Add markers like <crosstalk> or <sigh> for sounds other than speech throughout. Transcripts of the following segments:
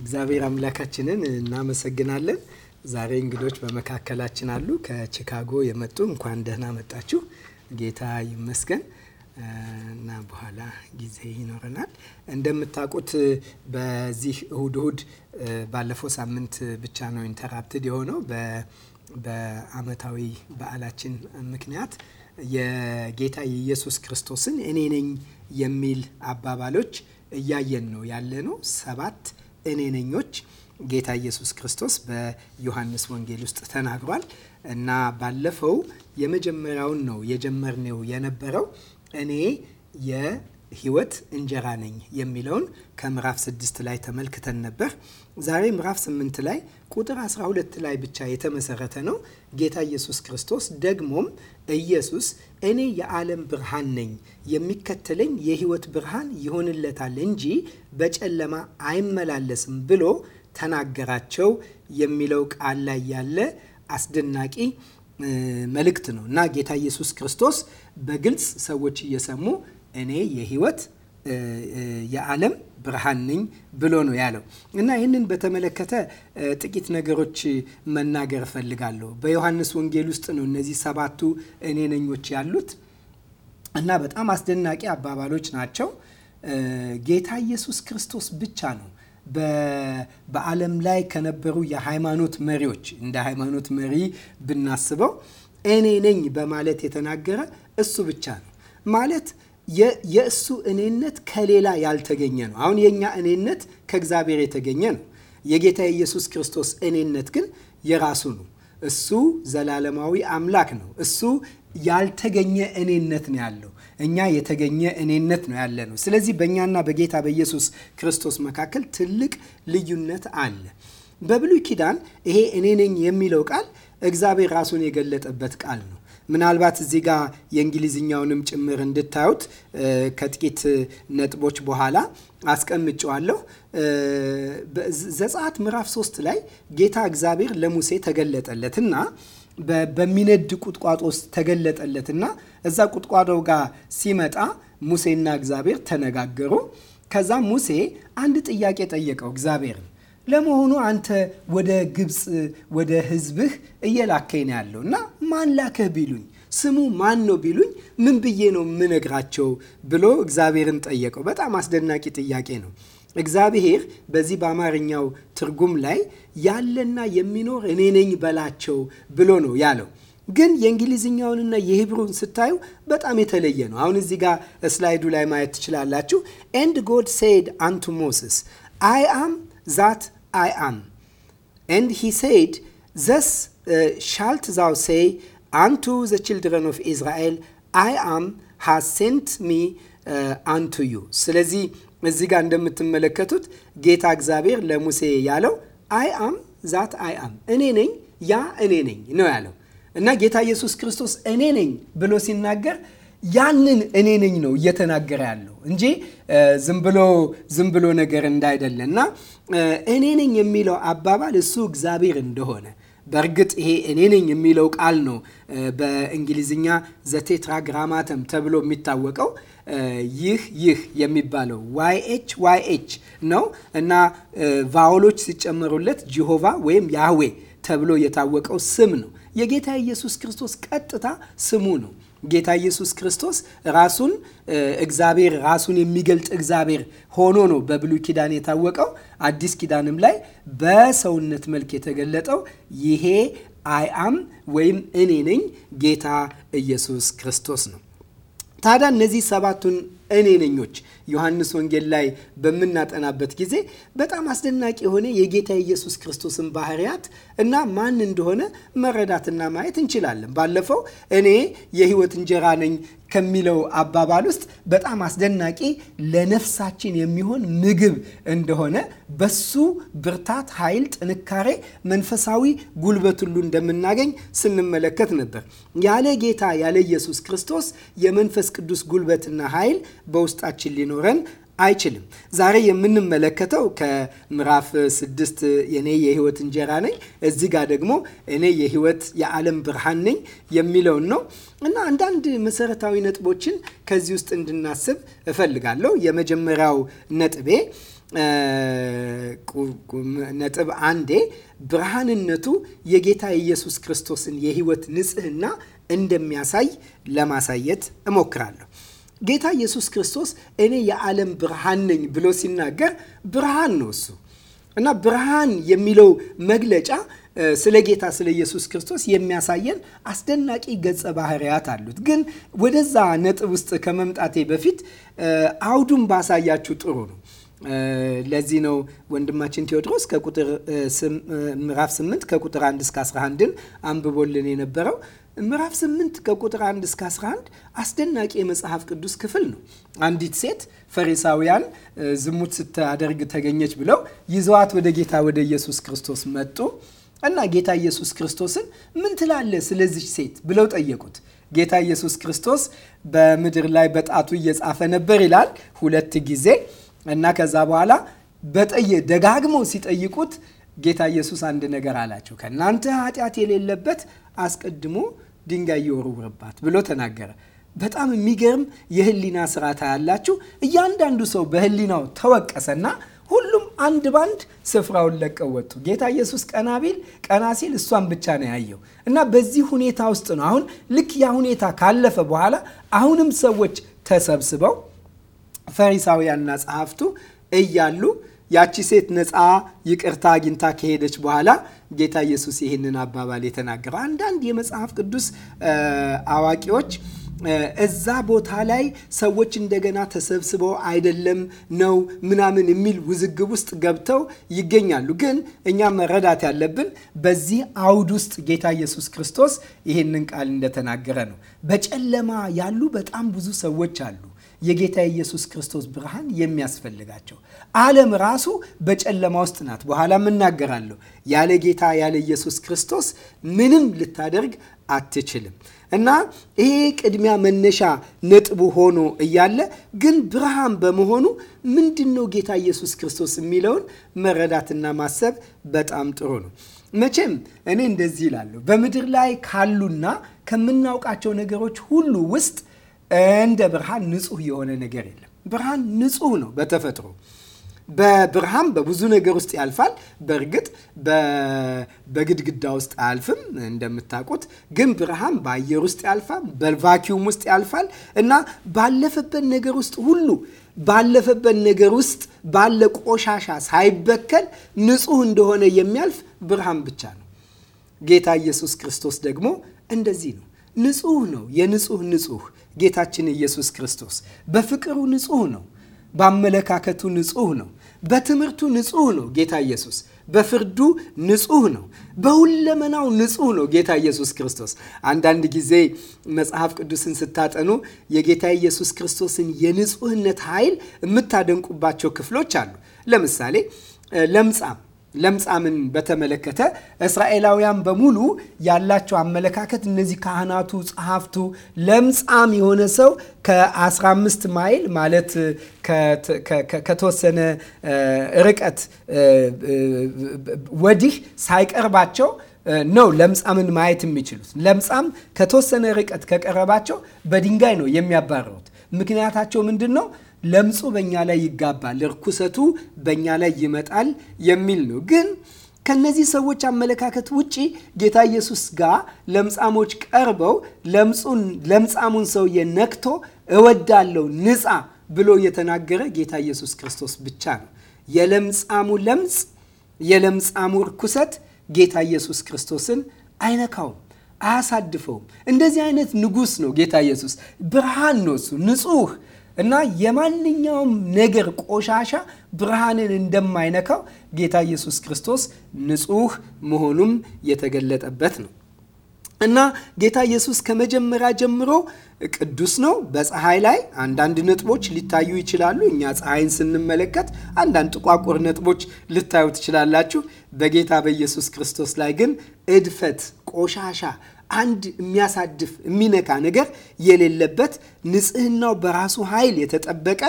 እግዚአብሔር አምላካችንን እናመሰግናለን። ዛሬ እንግዶች በመካከላችን አሉ። ከቺካጎ የመጡ እንኳን ደህና መጣችሁ። ጌታ ይመስገን እና በኋላ ጊዜ ይኖረናል። እንደምታውቁት በዚህ እሁድ እሁድ ባለፈው ሳምንት ብቻ ነው ኢንተራፕትድ የሆነው በአመታዊ በዓላችን ምክንያት የጌታ የኢየሱስ ክርስቶስን እኔ ነኝ የሚል አባባሎች እያየን ነው ያለ ነው ሰባት እኔነኞች ጌታ ኢየሱስ ክርስቶስ በዮሐንስ ወንጌል ውስጥ ተናግሯል እና ባለፈው የመጀመሪያውን ነው የጀመርነው የነበረው እኔ ህይወት እንጀራ ነኝ የሚለውን ከምዕራፍ ስድስት ላይ ተመልክተን ነበር። ዛሬ ምዕራፍ ስምንት ላይ ቁጥር 12 ላይ ብቻ የተመሰረተ ነው። ጌታ ኢየሱስ ክርስቶስ ደግሞም ኢየሱስ እኔ የዓለም ብርሃን ነኝ፣ የሚከተለኝ የህይወት ብርሃን ይሆንለታል እንጂ በጨለማ አይመላለስም ብሎ ተናገራቸው የሚለው ቃል ላይ ያለ አስደናቂ መልእክት ነው እና ጌታ ኢየሱስ ክርስቶስ በግልጽ ሰዎች እየሰሙ እኔ የህይወት የዓለም ብርሃን ነኝ ብሎ ነው ያለው እና ይህንን በተመለከተ ጥቂት ነገሮች መናገር እፈልጋለሁ። በዮሐንስ ወንጌል ውስጥ ነው እነዚህ ሰባቱ እኔ ነኞች ያሉት እና በጣም አስደናቂ አባባሎች ናቸው። ጌታ ኢየሱስ ክርስቶስ ብቻ ነው በዓለም ላይ ከነበሩ የሃይማኖት መሪዎች እንደ ሃይማኖት መሪ ብናስበው እኔ ነኝ በማለት የተናገረ እሱ ብቻ ነው ማለት የእሱ እኔነት ከሌላ ያልተገኘ ነው። አሁን የእኛ እኔነት ከእግዚአብሔር የተገኘ ነው። የጌታ የኢየሱስ ክርስቶስ እኔነት ግን የራሱ ነው። እሱ ዘላለማዊ አምላክ ነው። እሱ ያልተገኘ እኔነት ነው ያለው። እኛ የተገኘ እኔነት ነው ያለ ነው። ስለዚህ በእኛና በጌታ በኢየሱስ ክርስቶስ መካከል ትልቅ ልዩነት አለ። በብሉይ ኪዳን ይሄ እኔ ነኝ የሚለው ቃል እግዚአብሔር ራሱን የገለጠበት ቃል ነው። ምናልባት እዚህ ጋር የእንግሊዝኛውንም ጭምር እንድታዩት ከጥቂት ነጥቦች በኋላ አስቀምጨዋለሁ። ዘጸአት ምዕራፍ ሶስት ላይ ጌታ እግዚአብሔር ለሙሴ ተገለጠለትና በሚነድ ቁጥቋጦ ውስጥ ተገለጠለትና እዛ ቁጥቋጦ ጋር ሲመጣ ሙሴና እግዚአብሔር ተነጋገሩ። ከዛ ሙሴ አንድ ጥያቄ ጠየቀው እግዚአብሔርን ለመሆኑ አንተ ወደ ግብፅ ወደ ህዝብህ እየላከኝ ነው ያለው እና ማን ላከህ ቢሉኝ ስሙ ማን ነው ቢሉኝ ምን ብዬ ነው የምነግራቸው ብሎ እግዚአብሔርን ጠየቀው። በጣም አስደናቂ ጥያቄ ነው። እግዚአብሔር በዚህ በአማርኛው ትርጉም ላይ ያለና የሚኖር እኔ ነኝ በላቸው ብሎ ነው ያለው። ግን የእንግሊዝኛውንና የሂብሩን ስታዩ በጣም የተለየ ነው። አሁን እዚህ ጋር ስላይዱ ላይ ማየት ትችላላችሁ። ኤንድ ጎድ ሴድ አንቱ ሞሴስ አይ አም ዛት I am. And he said, Thus uh, shalt thou say unto the children of Israel, I am has sent me uh, ስለዚህ እዚህ ጋር እንደምትመለከቱት ጌታ እግዚአብሔር ለሙሴ ያለው አይ አም ዛት አይ አም እኔ ነኝ ያ እኔ ነኝ ነው ያለው እና ጌታ ኢየሱስ ክርስቶስ እኔ ነኝ ብሎ ሲናገር ያንን እኔ ነኝ ነው እየተናገረ ያለው እንጂ ዝም ብሎ ዝም ብሎ ነገር እንዳይደለ እና እኔ ነኝ የሚለው አባባል እሱ እግዚአብሔር እንደሆነ በእርግጥ ይሄ እኔ ነኝ የሚለው ቃል ነው በእንግሊዝኛ ዘቴትራግራማተም ተብሎ የሚታወቀው ይህ ይህ የሚባለው ዋይ ኤች ዋይ ኤች ነው እና ቫውሎች ሲጨመሩለት ጂሆቫ ወይም ያህዌ ተብሎ የታወቀው ስም ነው። የጌታ ኢየሱስ ክርስቶስ ቀጥታ ስሙ ነው። ጌታ ኢየሱስ ክርስቶስ ራሱን እግዚአብሔር ራሱን የሚገልጥ እግዚአብሔር ሆኖ ነው በብሉይ ኪዳን የታወቀው። አዲስ ኪዳንም ላይ በሰውነት መልክ የተገለጠው ይሄ አይአም አም ወይም እኔ ነኝ ጌታ ኢየሱስ ክርስቶስ ነው። ታዲያ እነዚህ ሰባቱን እኔ ነኞች ዮሐንስ ወንጌል ላይ በምናጠናበት ጊዜ በጣም አስደናቂ የሆነ የጌታ ኢየሱስ ክርስቶስን ባህሪያት እና ማን እንደሆነ መረዳትና ማየት እንችላለን። ባለፈው እኔ የህይወት እንጀራ ነኝ ከሚለው አባባል ውስጥ በጣም አስደናቂ ለነፍሳችን የሚሆን ምግብ እንደሆነ በሱ ብርታት፣ ኃይል፣ ጥንካሬ፣ መንፈሳዊ ጉልበት ሁሉ እንደምናገኝ ስንመለከት ነበር። ያለ ጌታ ያለ ኢየሱስ ክርስቶስ የመንፈስ ቅዱስ ጉልበትና ኃይል በውስጣችን ሊኖረን አይችልም። ዛሬ የምንመለከተው ከምዕራፍ ስድስት እኔ የህይወት እንጀራ ነኝ፣ እዚህ ጋር ደግሞ እኔ የህይወት የዓለም ብርሃን ነኝ የሚለውን ነው እና አንዳንድ መሰረታዊ ነጥቦችን ከዚህ ውስጥ እንድናስብ እፈልጋለሁ። የመጀመሪያው ነጥቤ ነጥብ አንዴ ብርሃንነቱ የጌታ የኢየሱስ ክርስቶስን የህይወት ንጽህና እንደሚያሳይ ለማሳየት እሞክራለሁ። ጌታ ኢየሱስ ክርስቶስ እኔ የዓለም ብርሃን ነኝ ብሎ ሲናገር ብርሃን ነው እሱ እና ብርሃን የሚለው መግለጫ ስለ ጌታ ስለ ኢየሱስ ክርስቶስ የሚያሳየን አስደናቂ ገጸ ባህርያት አሉት። ግን ወደዛ ነጥብ ውስጥ ከመምጣቴ በፊት አውዱን ባሳያችሁ ጥሩ ነው። ለዚህ ነው ወንድማችን ቴዎድሮስ ከቁጥር ምዕራፍ 8 ከቁጥር 1 እስከ 11ን አንብቦልን የነበረው ምዕራፍ 8 ከቁጥር 1 እስከ 11 አስደናቂ የመጽሐፍ ቅዱስ ክፍል ነው። አንዲት ሴት ፈሪሳውያን ዝሙት ስታደርግ ተገኘች ብለው ይዘዋት ወደ ጌታ ወደ ኢየሱስ ክርስቶስ መጡ እና ጌታ ኢየሱስ ክርስቶስን ምን ትላለ ስለዚች ሴት ብለው ጠየቁት። ጌታ ኢየሱስ ክርስቶስ በምድር ላይ በጣቱ እየጻፈ ነበር ይላል ሁለት ጊዜ እና ከዛ በኋላ በጠየ ደጋግሞ ሲጠይቁት ጌታ ኢየሱስ አንድ ነገር አላቸው። ከእናንተ ኃጢአት የሌለበት አስቀድሞ ድንጋይ እየወረወረባት ብሎ ተናገረ። በጣም የሚገርም የህሊና ስርዓት ያላችሁ። እያንዳንዱ ሰው በህሊናው ተወቀሰና ሁሉም አንድ ባንድ ስፍራውን ለቀው ወጡ። ጌታ ኢየሱስ ቀና ቢል ቀና ሲል እሷን ብቻ ነው ያየው እና በዚህ ሁኔታ ውስጥ ነው አሁን ልክ ያ ሁኔታ ካለፈ በኋላ አሁንም ሰዎች ተሰብስበው ፈሪሳውያንና ጸሐፍቱ እያሉ ያቺ ሴት ነፃ ይቅርታ አግኝታ ከሄደች በኋላ ጌታ ኢየሱስ ይህንን አባባል የተናገረው። አንዳንድ የመጽሐፍ ቅዱስ አዋቂዎች እዛ ቦታ ላይ ሰዎች እንደገና ተሰብስበው አይደለም ነው ምናምን የሚል ውዝግብ ውስጥ ገብተው ይገኛሉ። ግን እኛ መረዳት ያለብን በዚህ አውድ ውስጥ ጌታ ኢየሱስ ክርስቶስ ይህንን ቃል እንደተናገረ ነው። በጨለማ ያሉ በጣም ብዙ ሰዎች አሉ። የጌታ ኢየሱስ ክርስቶስ ብርሃን የሚያስፈልጋቸው። ዓለም ራሱ በጨለማ ውስጥ ናት። በኋላ እናገራለሁ። ያለ ጌታ ያለ ኢየሱስ ክርስቶስ ምንም ልታደርግ አትችልም። እና ይሄ ቅድሚያ መነሻ ነጥቡ ሆኖ እያለ ግን ብርሃን በመሆኑ ምንድን ነው ጌታ ኢየሱስ ክርስቶስ የሚለውን መረዳትና ማሰብ በጣም ጥሩ ነው። መቼም እኔ እንደዚህ ይላለሁ፣ በምድር ላይ ካሉና ከምናውቃቸው ነገሮች ሁሉ ውስጥ እንደ ብርሃን ንጹህ የሆነ ነገር የለም። ብርሃን ንጹህ ነው በተፈጥሮ በብርሃን በብዙ ነገር ውስጥ ያልፋል። በእርግጥ በግድግዳ ውስጥ አያልፍም እንደምታውቁት፣ ግን ብርሃን በአየር ውስጥ ያልፋል፣ በቫኪዩም ውስጥ ያልፋል እና ባለፈበት ነገር ውስጥ ሁሉ ባለፈበት ነገር ውስጥ ባለ ቆሻሻ ሳይበከል ንጹህ እንደሆነ የሚያልፍ ብርሃን ብቻ ነው። ጌታ ኢየሱስ ክርስቶስ ደግሞ እንደዚህ ነው። ንጹህ ነው። የንጹህ ንጹህ ጌታችን ኢየሱስ ክርስቶስ። በፍቅሩ ንጹህ ነው። በአመለካከቱ ንጹህ ነው። በትምህርቱ ንጹህ ነው ጌታ ኢየሱስ። በፍርዱ ንጹህ ነው። በሁለመናው ንጹህ ነው ጌታ ኢየሱስ ክርስቶስ። አንዳንድ ጊዜ መጽሐፍ ቅዱስን ስታጠኑ የጌታ ኢየሱስ ክርስቶስን የንጹህነት ኃይል የምታደንቁባቸው ክፍሎች አሉ። ለምሳሌ ለምጻም ለምጻምን በተመለከተ እስራኤላውያን በሙሉ ያላቸው አመለካከት እነዚህ ካህናቱ፣ ጸሐፍቱ ለምጻም የሆነ ሰው ከ15 ማይል ማለት ከተወሰነ ርቀት ወዲህ ሳይቀርባቸው ነው ለምጻምን ማየት የሚችሉት። ለምጻም ከተወሰነ ርቀት ከቀረባቸው በድንጋይ ነው የሚያባረሩት። ምክንያታቸው ምንድን ነው? ለምጹ በእኛ ላይ ይጋባል፣ እርኩሰቱ በእኛ ላይ ይመጣል የሚል ነው። ግን ከነዚህ ሰዎች አመለካከት ውጪ ጌታ ኢየሱስ ጋር ለምጻሞች ቀርበው ለምጻሙን ሰውዬ ነክቶ እወዳለሁ ንጻ ብሎ የተናገረ ጌታ ኢየሱስ ክርስቶስ ብቻ ነው። የለምጻሙ ለምጽ፣ የለምጻሙ እርኩሰት ጌታ ኢየሱስ ክርስቶስን አይነካውም፣ አያሳድፈውም። እንደዚህ አይነት ንጉሥ ነው ጌታ ኢየሱስ። ብርሃን ነው እሱ ንጹህ እና የማንኛውም ነገር ቆሻሻ ብርሃንን እንደማይነካው ጌታ ኢየሱስ ክርስቶስ ንጹህ መሆኑም የተገለጠበት ነው። እና ጌታ ኢየሱስ ከመጀመሪያ ጀምሮ ቅዱስ ነው። በፀሐይ ላይ አንዳንድ ነጥቦች ሊታዩ ይችላሉ። እኛ ፀሐይን ስንመለከት አንዳንድ ጥቋቁር ነጥቦች ልታዩ ትችላላችሁ። በጌታ በኢየሱስ ክርስቶስ ላይ ግን እድፈት፣ ቆሻሻ አንድ የሚያሳድፍ የሚነካ ነገር የሌለበት ንጽህናው በራሱ ኃይል የተጠበቀ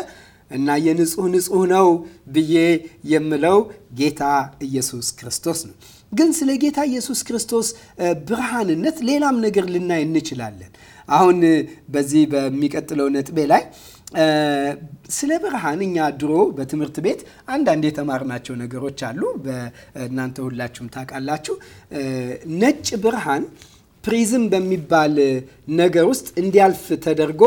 እና የንጹህ ንጹህ ነው ብዬ የምለው ጌታ ኢየሱስ ክርስቶስ ነው። ግን ስለ ጌታ ኢየሱስ ክርስቶስ ብርሃንነት ሌላም ነገር ልናይ እንችላለን። አሁን በዚህ በሚቀጥለው ነጥቤ ላይ ስለ ብርሃን እኛ ድሮ በትምህርት ቤት አንዳንድ የተማርናቸው ነገሮች አሉ። በእናንተ ሁላችሁም ታውቃላችሁ። ነጭ ብርሃን ፕሪዝም በሚባል ነገር ውስጥ እንዲያልፍ ተደርጎ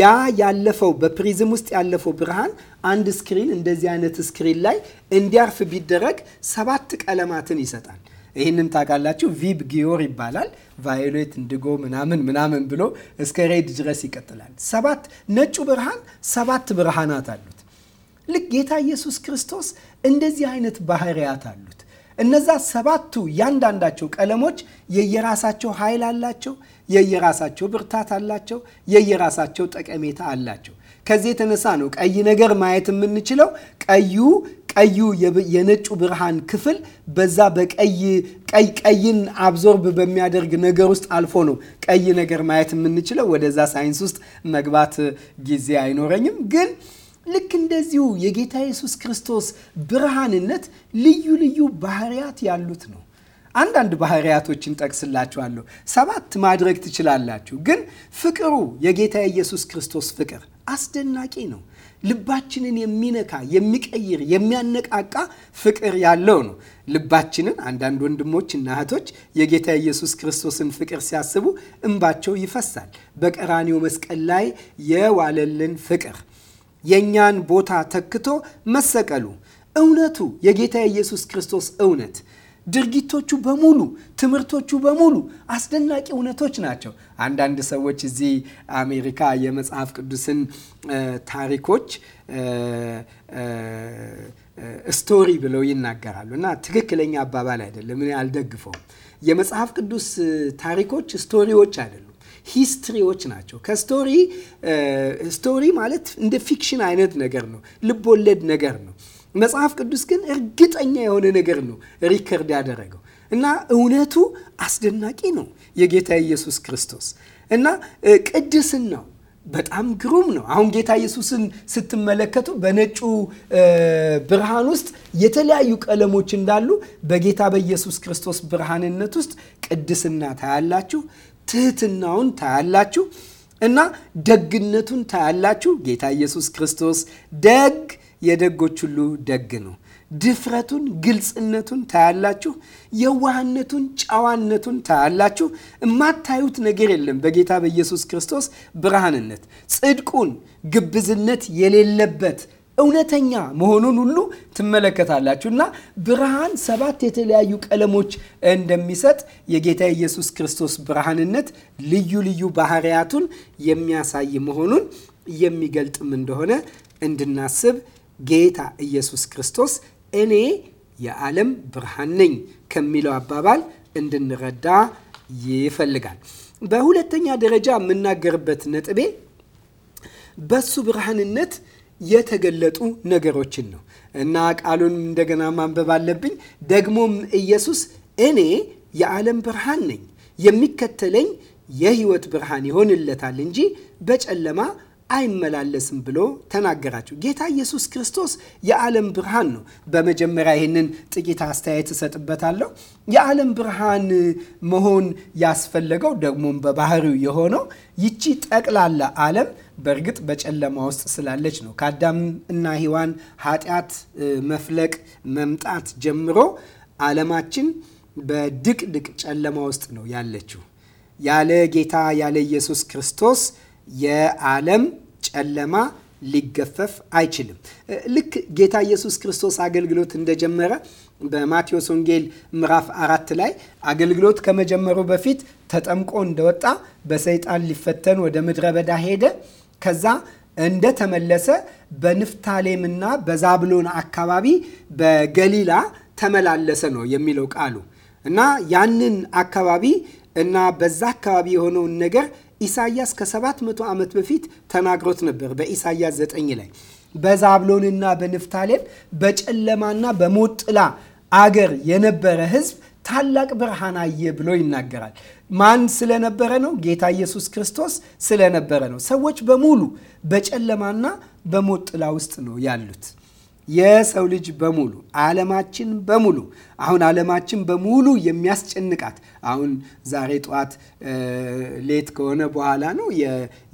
ያ ያለፈው በፕሪዝም ውስጥ ያለፈው ብርሃን አንድ ስክሪን እንደዚህ አይነት ስክሪን ላይ እንዲያርፍ ቢደረግ ሰባት ቀለማትን ይሰጣል። ይህንን ታውቃላችሁ። ቪብ ጊዮር ይባላል። ቫዮሌት፣ እንድጎ ምናምን ምናምን ብሎ እስከ ሬድ ድረስ ይቀጥላል። ሰባት ነጩ ብርሃን ሰባት ብርሃናት አሉት። ልክ ጌታ ኢየሱስ ክርስቶስ እንደዚህ አይነት ባህሪያት አሉት። እነዛ ሰባቱ ያንዳንዳቸው ቀለሞች የየራሳቸው ኃይል አላቸው፣ የየራሳቸው ብርታት አላቸው፣ የየራሳቸው ጠቀሜታ አላቸው። ከዚህ የተነሳ ነው ቀይ ነገር ማየት የምንችለው ቀዩ ቀዩ የነጩ ብርሃን ክፍል በዛ በቀይ ቀይ ቀይን አብዞርብ በሚያደርግ ነገር ውስጥ አልፎ ነው ቀይ ነገር ማየት የምንችለው። ወደዛ ሳይንስ ውስጥ መግባት ጊዜ አይኖረኝም ግን ልክ እንደዚሁ የጌታ ኢየሱስ ክርስቶስ ብርሃንነት ልዩ ልዩ ባህሪያት ያሉት ነው። አንዳንድ ባህሪያቶችን ጠቅስላችኋለሁ። ሰባት ማድረግ ትችላላችሁ። ግን ፍቅሩ የጌታ ኢየሱስ ክርስቶስ ፍቅር አስደናቂ ነው። ልባችንን የሚነካ የሚቀይር፣ የሚያነቃቃ ፍቅር ያለው ነው። ልባችንን አንዳንድ ወንድሞች እና እህቶች የጌታ ኢየሱስ ክርስቶስን ፍቅር ሲያስቡ እንባቸው ይፈሳል። በቀራኒው መስቀል ላይ የዋለልን ፍቅር የእኛን ቦታ ተክቶ መሰቀሉ፣ እውነቱ የጌታ የኢየሱስ ክርስቶስ እውነት ድርጊቶቹ በሙሉ ትምህርቶቹ በሙሉ አስደናቂ እውነቶች ናቸው። አንዳንድ ሰዎች እዚህ አሜሪካ የመጽሐፍ ቅዱስን ታሪኮች ስቶሪ ብለው ይናገራሉ እና ትክክለኛ አባባል አይደለም። እኔ አልደግፈውም። የመጽሐፍ ቅዱስ ታሪኮች ስቶሪዎች አይደሉም። ሂስትሪዎች ናቸው። ከስቶሪ ስቶሪ ማለት እንደ ፊክሽን አይነት ነገር ነው፣ ልቦወለድ ነገር ነው። መጽሐፍ ቅዱስ ግን እርግጠኛ የሆነ ነገር ነው ሪከርድ ያደረገው እና እውነቱ አስደናቂ ነው። የጌታ ኢየሱስ ክርስቶስ እና ቅድስናው በጣም ግሩም ነው። አሁን ጌታ ኢየሱስን ስትመለከቱ በነጩ ብርሃን ውስጥ የተለያዩ ቀለሞች እንዳሉ በጌታ በኢየሱስ ክርስቶስ ብርሃንነት ውስጥ ቅድስና ታያላችሁ። ትህትናውን ታያላችሁ እና ደግነቱን ታያላችሁ። ጌታ ኢየሱስ ክርስቶስ ደግ፣ የደጎች ሁሉ ደግ ነው። ድፍረቱን፣ ግልጽነቱን ታያላችሁ። የዋህነቱን፣ ጨዋነቱን ታያላችሁ። የማታዩት ነገር የለም በጌታ በኢየሱስ ክርስቶስ ብርሃንነት። ጽድቁን፣ ግብዝነት የሌለበት እውነተኛ መሆኑን ሁሉ ትመለከታላችሁ እና ብርሃን ሰባት የተለያዩ ቀለሞች እንደሚሰጥ የጌታ ኢየሱስ ክርስቶስ ብርሃንነት ልዩ ልዩ ባህሪያቱን የሚያሳይ መሆኑን የሚገልጥም እንደሆነ እንድናስብ ጌታ ኢየሱስ ክርስቶስ እኔ የዓለም ብርሃን ነኝ ከሚለው አባባል እንድንረዳ ይፈልጋል። በሁለተኛ ደረጃ የምናገርበት ነጥቤ በሱ ብርሃንነት የተገለጡ ነገሮችን ነው እና ቃሉን እንደገና ማንበብ አለብኝ። ደግሞም ኢየሱስ እኔ የዓለም ብርሃን ነኝ፣ የሚከተለኝ የህይወት ብርሃን ይሆንለታል እንጂ በጨለማ አይመላለስም ብሎ ተናገራቸው። ጌታ ኢየሱስ ክርስቶስ የዓለም ብርሃን ነው። በመጀመሪያ ይህንን ጥቂት አስተያየት እሰጥበታለሁ። የዓለም ብርሃን መሆን ያስፈለገው ደግሞም በባህሪው የሆነው ይቺ ጠቅላላ ዓለም በእርግጥ በጨለማ ውስጥ ስላለች ነው። ከአዳም እና ሔዋን ኃጢአት መፍለቅ መምጣት ጀምሮ ዓለማችን በድቅድቅ ጨለማ ውስጥ ነው ያለችው። ያለ ጌታ ያለ ኢየሱስ ክርስቶስ የዓለም ጨለማ ሊገፈፍ አይችልም። ልክ ጌታ ኢየሱስ ክርስቶስ አገልግሎት እንደጀመረ በማቴዎስ ወንጌል ምዕራፍ አራት ላይ አገልግሎት ከመጀመሩ በፊት ተጠምቆ እንደወጣ በሰይጣን ሊፈተን ወደ ምድረ በዳ ሄደ። ከዛ እንደተመለሰ በንፍታሌምና በዛብሎን አካባቢ በገሊላ ተመላለሰ ነው የሚለው ቃሉ እና ያንን አካባቢ እና በዛ አካባቢ የሆነውን ነገር ኢሳያስ ከሰባት መቶ ዓመት በፊት ተናግሮት ነበር። በኢሳያስ ዘጠኝ ላይ በዛብሎንና በንፍታሌም በጨለማና በሞት ጥላ አገር የነበረ ህዝብ ታላቅ ብርሃን አየ ብሎ ይናገራል። ማን ስለነበረ ነው? ጌታ ኢየሱስ ክርስቶስ ስለነበረ ነው። ሰዎች በሙሉ በጨለማና በሞት ጥላ ውስጥ ነው ያሉት። የሰው ልጅ በሙሉ ዓለማችን በሙሉ አሁን ዓለማችን በሙሉ የሚያስጨንቃት አሁን ዛሬ ጠዋት ሌት ከሆነ በኋላ ነው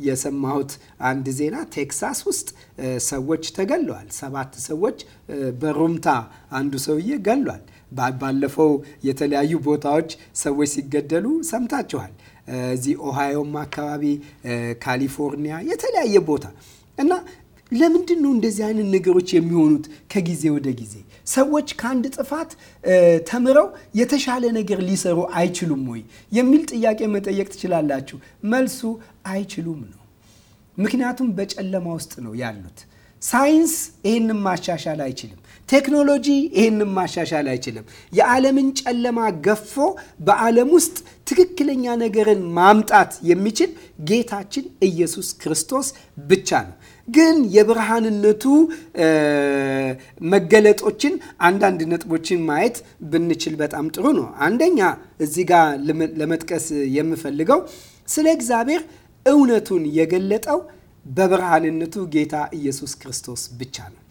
የሰማሁት አንድ ዜና። ቴክሳስ ውስጥ ሰዎች ተገለዋል። ሰባት ሰዎች በሩምታ አንዱ ሰውዬ ገሏል። ባለፈው የተለያዩ ቦታዎች ሰዎች ሲገደሉ ሰምታችኋል። እዚህ ኦሃዮም አካባቢ፣ ካሊፎርኒያ የተለያየ ቦታ እና ለምንድን ነው እንደዚህ አይነት ነገሮች የሚሆኑት? ከጊዜ ወደ ጊዜ ሰዎች ከአንድ ጥፋት ተምረው የተሻለ ነገር ሊሰሩ አይችሉም ወይ የሚል ጥያቄ መጠየቅ ትችላላችሁ። መልሱ አይችሉም ነው። ምክንያቱም በጨለማ ውስጥ ነው ያሉት። ሳይንስ ይህንም ማሻሻል አይችልም። ቴክኖሎጂ ይህንም ማሻሻል አይችልም። የዓለምን ጨለማ ገፎ በዓለም ውስጥ ትክክለኛ ነገርን ማምጣት የሚችል ጌታችን ኢየሱስ ክርስቶስ ብቻ ነው። ግን የብርሃንነቱ መገለጦችን አንዳንድ ነጥቦችን ማየት ብንችል በጣም ጥሩ ነው። አንደኛ እዚህ ጋር ለመጥቀስ የምፈልገው ስለ እግዚአብሔር እውነቱን የገለጠው በብርሃንነቱ ጌታ ኢየሱስ ክርስቶስ ብቻ ነው።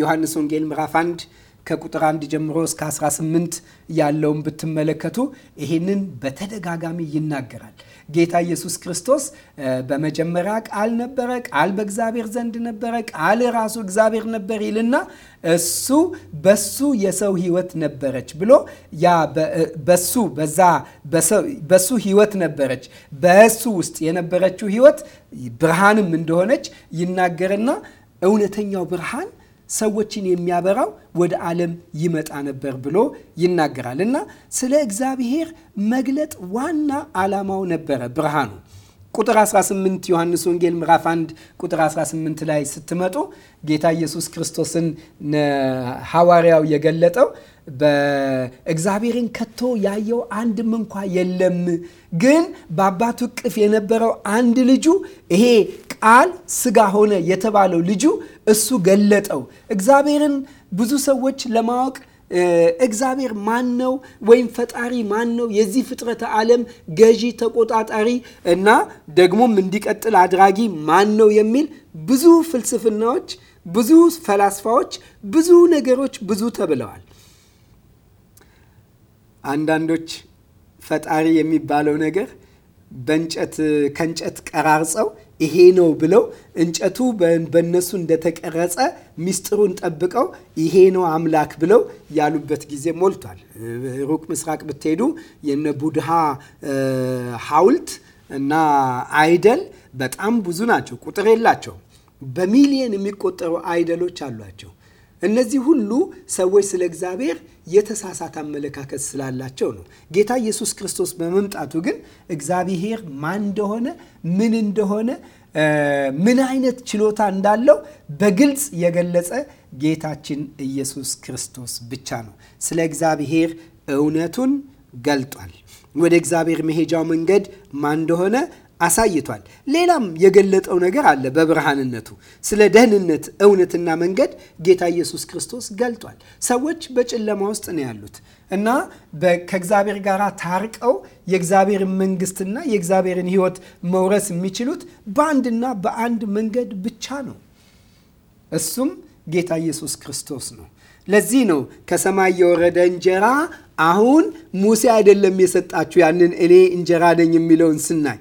ዮሐንስ ወንጌል ምዕራፍ 1 ከቁጥር አንድ ጀምሮ እስከ 18 ያለውን ብትመለከቱ ይሄንን በተደጋጋሚ ይናገራል። ጌታ ኢየሱስ ክርስቶስ በመጀመሪያ ቃል ነበረ፣ ቃል በእግዚአብሔር ዘንድ ነበረ፣ ቃል ራሱ እግዚአብሔር ነበር ይልና እሱ በሱ የሰው ሕይወት ነበረች ብሎ ያ በሱ በዛ በሱ ሕይወት ነበረች በሱ ውስጥ የነበረችው ሕይወት ብርሃንም እንደሆነች ይናገርና እውነተኛው ብርሃን ሰዎችን የሚያበራው ወደ ዓለም ይመጣ ነበር ብሎ ይናገራል እና ስለ እግዚአብሔር መግለጥ ዋና ዓላማው ነበረ ብርሃኑ። ቁጥር 18 ዮሐንስ ወንጌል ምዕራፍ 1 ቁጥር 18 ላይ ስትመጡ ጌታ ኢየሱስ ክርስቶስን ሐዋርያው የገለጠው በእግዚአብሔርን ከቶ ያየው አንድም እንኳ የለም። ግን በአባቱ እቅፍ የነበረው አንድ ልጁ ይሄ ቃል ስጋ ሆነ የተባለው ልጁ እሱ ገለጠው። እግዚአብሔርን ብዙ ሰዎች ለማወቅ እግዚአብሔር ማን ነው ወይም ፈጣሪ ማን ነው? የዚህ ፍጥረተ ዓለም ገዢ፣ ተቆጣጣሪ እና ደግሞም እንዲቀጥል አድራጊ ማን ነው የሚል ብዙ ፍልስፍናዎች፣ ብዙ ፈላስፋዎች፣ ብዙ ነገሮች ብዙ ተብለዋል። አንዳንዶች ፈጣሪ የሚባለው ነገር በእንጨት ከእንጨት ቀራርጸው ይሄ ነው ብለው እንጨቱ በእነሱ እንደተቀረጸ ሚስጥሩን ጠብቀው ይሄ ነው አምላክ ብለው ያሉበት ጊዜ ሞልቷል። ሩቅ ምስራቅ ብትሄዱ የነ ቡድሃ ሐውልት እና አይደል በጣም ብዙ ናቸው። ቁጥር የላቸውም። በሚሊየን የሚቆጠሩ አይደሎች አሏቸው። እነዚህ ሁሉ ሰዎች ስለ እግዚአብሔር የተሳሳተ አመለካከት ስላላቸው ነው። ጌታ ኢየሱስ ክርስቶስ በመምጣቱ ግን እግዚአብሔር ማን እንደሆነ፣ ምን እንደሆነ፣ ምን አይነት ችሎታ እንዳለው በግልጽ የገለጸ ጌታችን ኢየሱስ ክርስቶስ ብቻ ነው። ስለ እግዚአብሔር እውነቱን ገልጧል። ወደ እግዚአብሔር መሄጃው መንገድ ማን እንደሆነ አሳይቷል። ሌላም የገለጠው ነገር አለ። በብርሃንነቱ ስለ ደህንነት እውነትና መንገድ ጌታ ኢየሱስ ክርስቶስ ገልጧል። ሰዎች በጨለማ ውስጥ ነው ያሉት እና ከእግዚአብሔር ጋር ታርቀው የእግዚአብሔርን መንግስትና የእግዚአብሔርን ሕይወት መውረስ የሚችሉት በአንድና በአንድ መንገድ ብቻ ነው። እሱም ጌታ ኢየሱስ ክርስቶስ ነው። ለዚህ ነው ከሰማይ የወረደ እንጀራ አሁን ሙሴ አይደለም የሰጣችሁ ያንን እኔ እንጀራ ነኝ የሚለውን ስናይ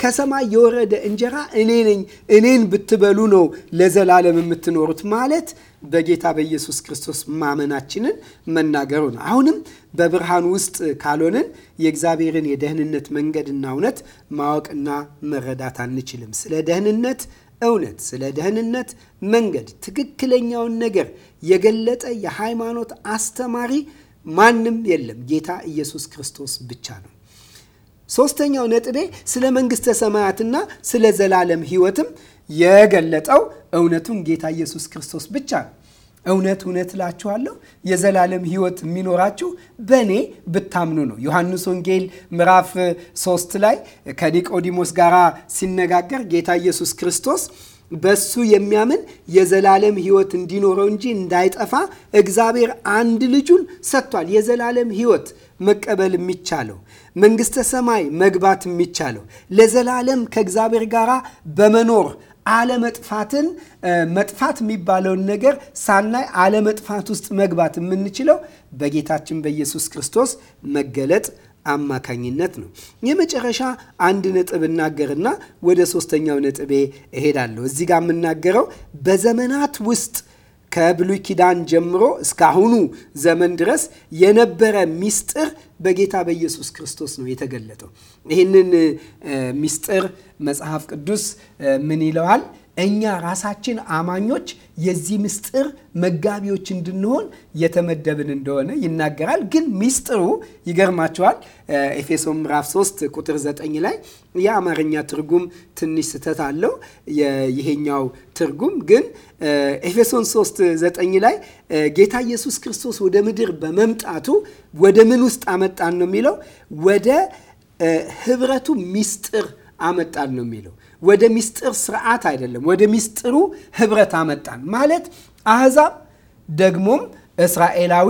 ከሰማይ የወረደ እንጀራ እኔ ነኝ፣ እኔን ብትበሉ ነው ለዘላለም የምትኖሩት ማለት በጌታ በኢየሱስ ክርስቶስ ማመናችንን መናገሩ ነው። አሁንም በብርሃን ውስጥ ካልሆንን የእግዚአብሔርን የደህንነት መንገድና እውነት ማወቅና መረዳት አንችልም። ስለ ደህንነት እውነት ስለ ደህንነት መንገድ ትክክለኛውን ነገር የገለጠ የሃይማኖት አስተማሪ ማንም የለም፣ ጌታ ኢየሱስ ክርስቶስ ብቻ ነው። ሶስተኛው ነጥቤ ስለ መንግስተ ሰማያትና ስለ ዘላለም ህይወትም የገለጠው እውነቱን ጌታ ኢየሱስ ክርስቶስ ብቻ ነው። እውነት እውነት እላችኋለሁ የዘላለም ህይወት የሚኖራችሁ በእኔ ብታምኑ ነው። ዮሐንስ ወንጌል ምዕራፍ ሶስት ላይ ከኒቆዲሞስ ጋር ሲነጋገር ጌታ ኢየሱስ ክርስቶስ በሱ የሚያምን የዘላለም ህይወት እንዲኖረው እንጂ እንዳይጠፋ እግዚአብሔር አንድ ልጁን ሰጥቷል። የዘላለም ህይወት መቀበል የሚቻለው መንግስተ ሰማይ መግባት የሚቻለው ለዘላለም ከእግዚአብሔር ጋር በመኖር አለመጥፋትን መጥፋት የሚባለውን ነገር ሳናይ አለመጥፋት ውስጥ መግባት የምንችለው በጌታችን በኢየሱስ ክርስቶስ መገለጥ አማካኝነት ነው። የመጨረሻ አንድ ነጥብ እናገርና ወደ ሶስተኛው ነጥቤ እሄዳለሁ። እዚህ ጋር የምናገረው በዘመናት ውስጥ ከብሉይ ኪዳን ጀምሮ እስካሁኑ ዘመን ድረስ የነበረ ሚስጥር በጌታ በኢየሱስ ክርስቶስ ነው የተገለጠው። ይህንን ሚስጥር መጽሐፍ ቅዱስ ምን ይለዋል? እኛ ራሳችን አማኞች የዚህ ምስጢር መጋቢዎች እንድንሆን የተመደብን እንደሆነ ይናገራል። ግን ሚስጥሩ ይገርማቸዋል። ኤፌሶ ምዕራፍ 3 ቁጥር 9 ላይ የአማርኛ ትርጉም ትንሽ ስህተት አለው። ይሄኛው ትርጉም ግን ኤፌሶን 3 9 ላይ ጌታ ኢየሱስ ክርስቶስ ወደ ምድር በመምጣቱ ወደ ምን ውስጥ አመጣን ነው የሚለው ወደ ህብረቱ ሚስጥር አመጣን ነው የሚለው ወደ ሚስጥር ስርዓት አይደለም፣ ወደ ሚስጥሩ ህብረት አመጣን ማለት አህዛብ ደግሞም እስራኤላዊ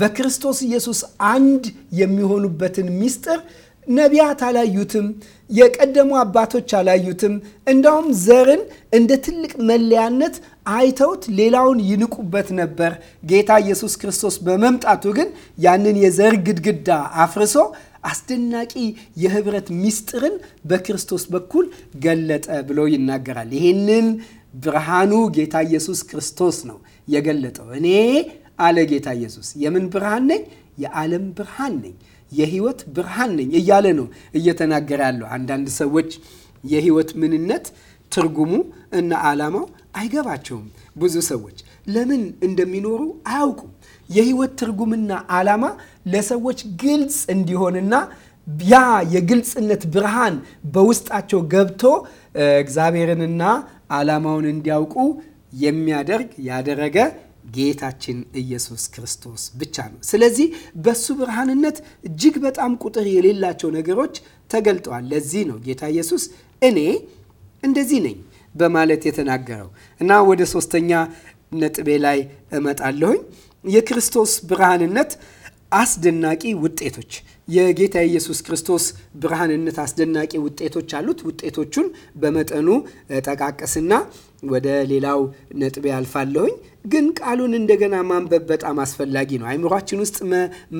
በክርስቶስ ኢየሱስ አንድ የሚሆኑበትን ሚስጥር ነቢያት አላዩትም። የቀደሙ አባቶች አላዩትም። እንዳውም ዘርን እንደ ትልቅ መለያነት አይተውት ሌላውን ይንቁበት ነበር። ጌታ ኢየሱስ ክርስቶስ በመምጣቱ ግን ያንን የዘር ግድግዳ አፍርሶ አስደናቂ የህብረት ምስጢርን በክርስቶስ በኩል ገለጠ ብሎ ይናገራል። ይህንን ብርሃኑ ጌታ ኢየሱስ ክርስቶስ ነው የገለጠው። እኔ አለ ጌታ ኢየሱስ የምን ብርሃን ነኝ? የዓለም ብርሃን ነኝ፣ የህይወት ብርሃን ነኝ እያለ ነው እየተናገረ ያለው። አንዳንድ ሰዎች የህይወት ምንነት ትርጉሙ እና ዓላማው አይገባቸውም። ብዙ ሰዎች ለምን እንደሚኖሩ አያውቁም። የህይወት ትርጉምና ዓላማ ለሰዎች ግልጽ እንዲሆንና ያ የግልጽነት ብርሃን በውስጣቸው ገብቶ እግዚአብሔርንና ዓላማውን እንዲያውቁ የሚያደርግ ያደረገ ጌታችን ኢየሱስ ክርስቶስ ብቻ ነው። ስለዚህ በሱ ብርሃንነት እጅግ በጣም ቁጥር የሌላቸው ነገሮች ተገልጠዋል። ለዚህ ነው ጌታ ኢየሱስ እኔ እንደዚህ ነኝ በማለት የተናገረው እና ወደ ሶስተኛ ነጥቤ ላይ እመጣለሁኝ። የክርስቶስ ብርሃንነት አስደናቂ ውጤቶች የጌታ ኢየሱስ ክርስቶስ ብርሃንነት አስደናቂ ውጤቶች አሉት። ውጤቶቹን በመጠኑ ጠቃቀስና ወደ ሌላው ነጥቤ ያልፋለሁኝ። ግን ቃሉን እንደገና ማንበብ በጣም አስፈላጊ ነው። አይምሯችን ውስጥ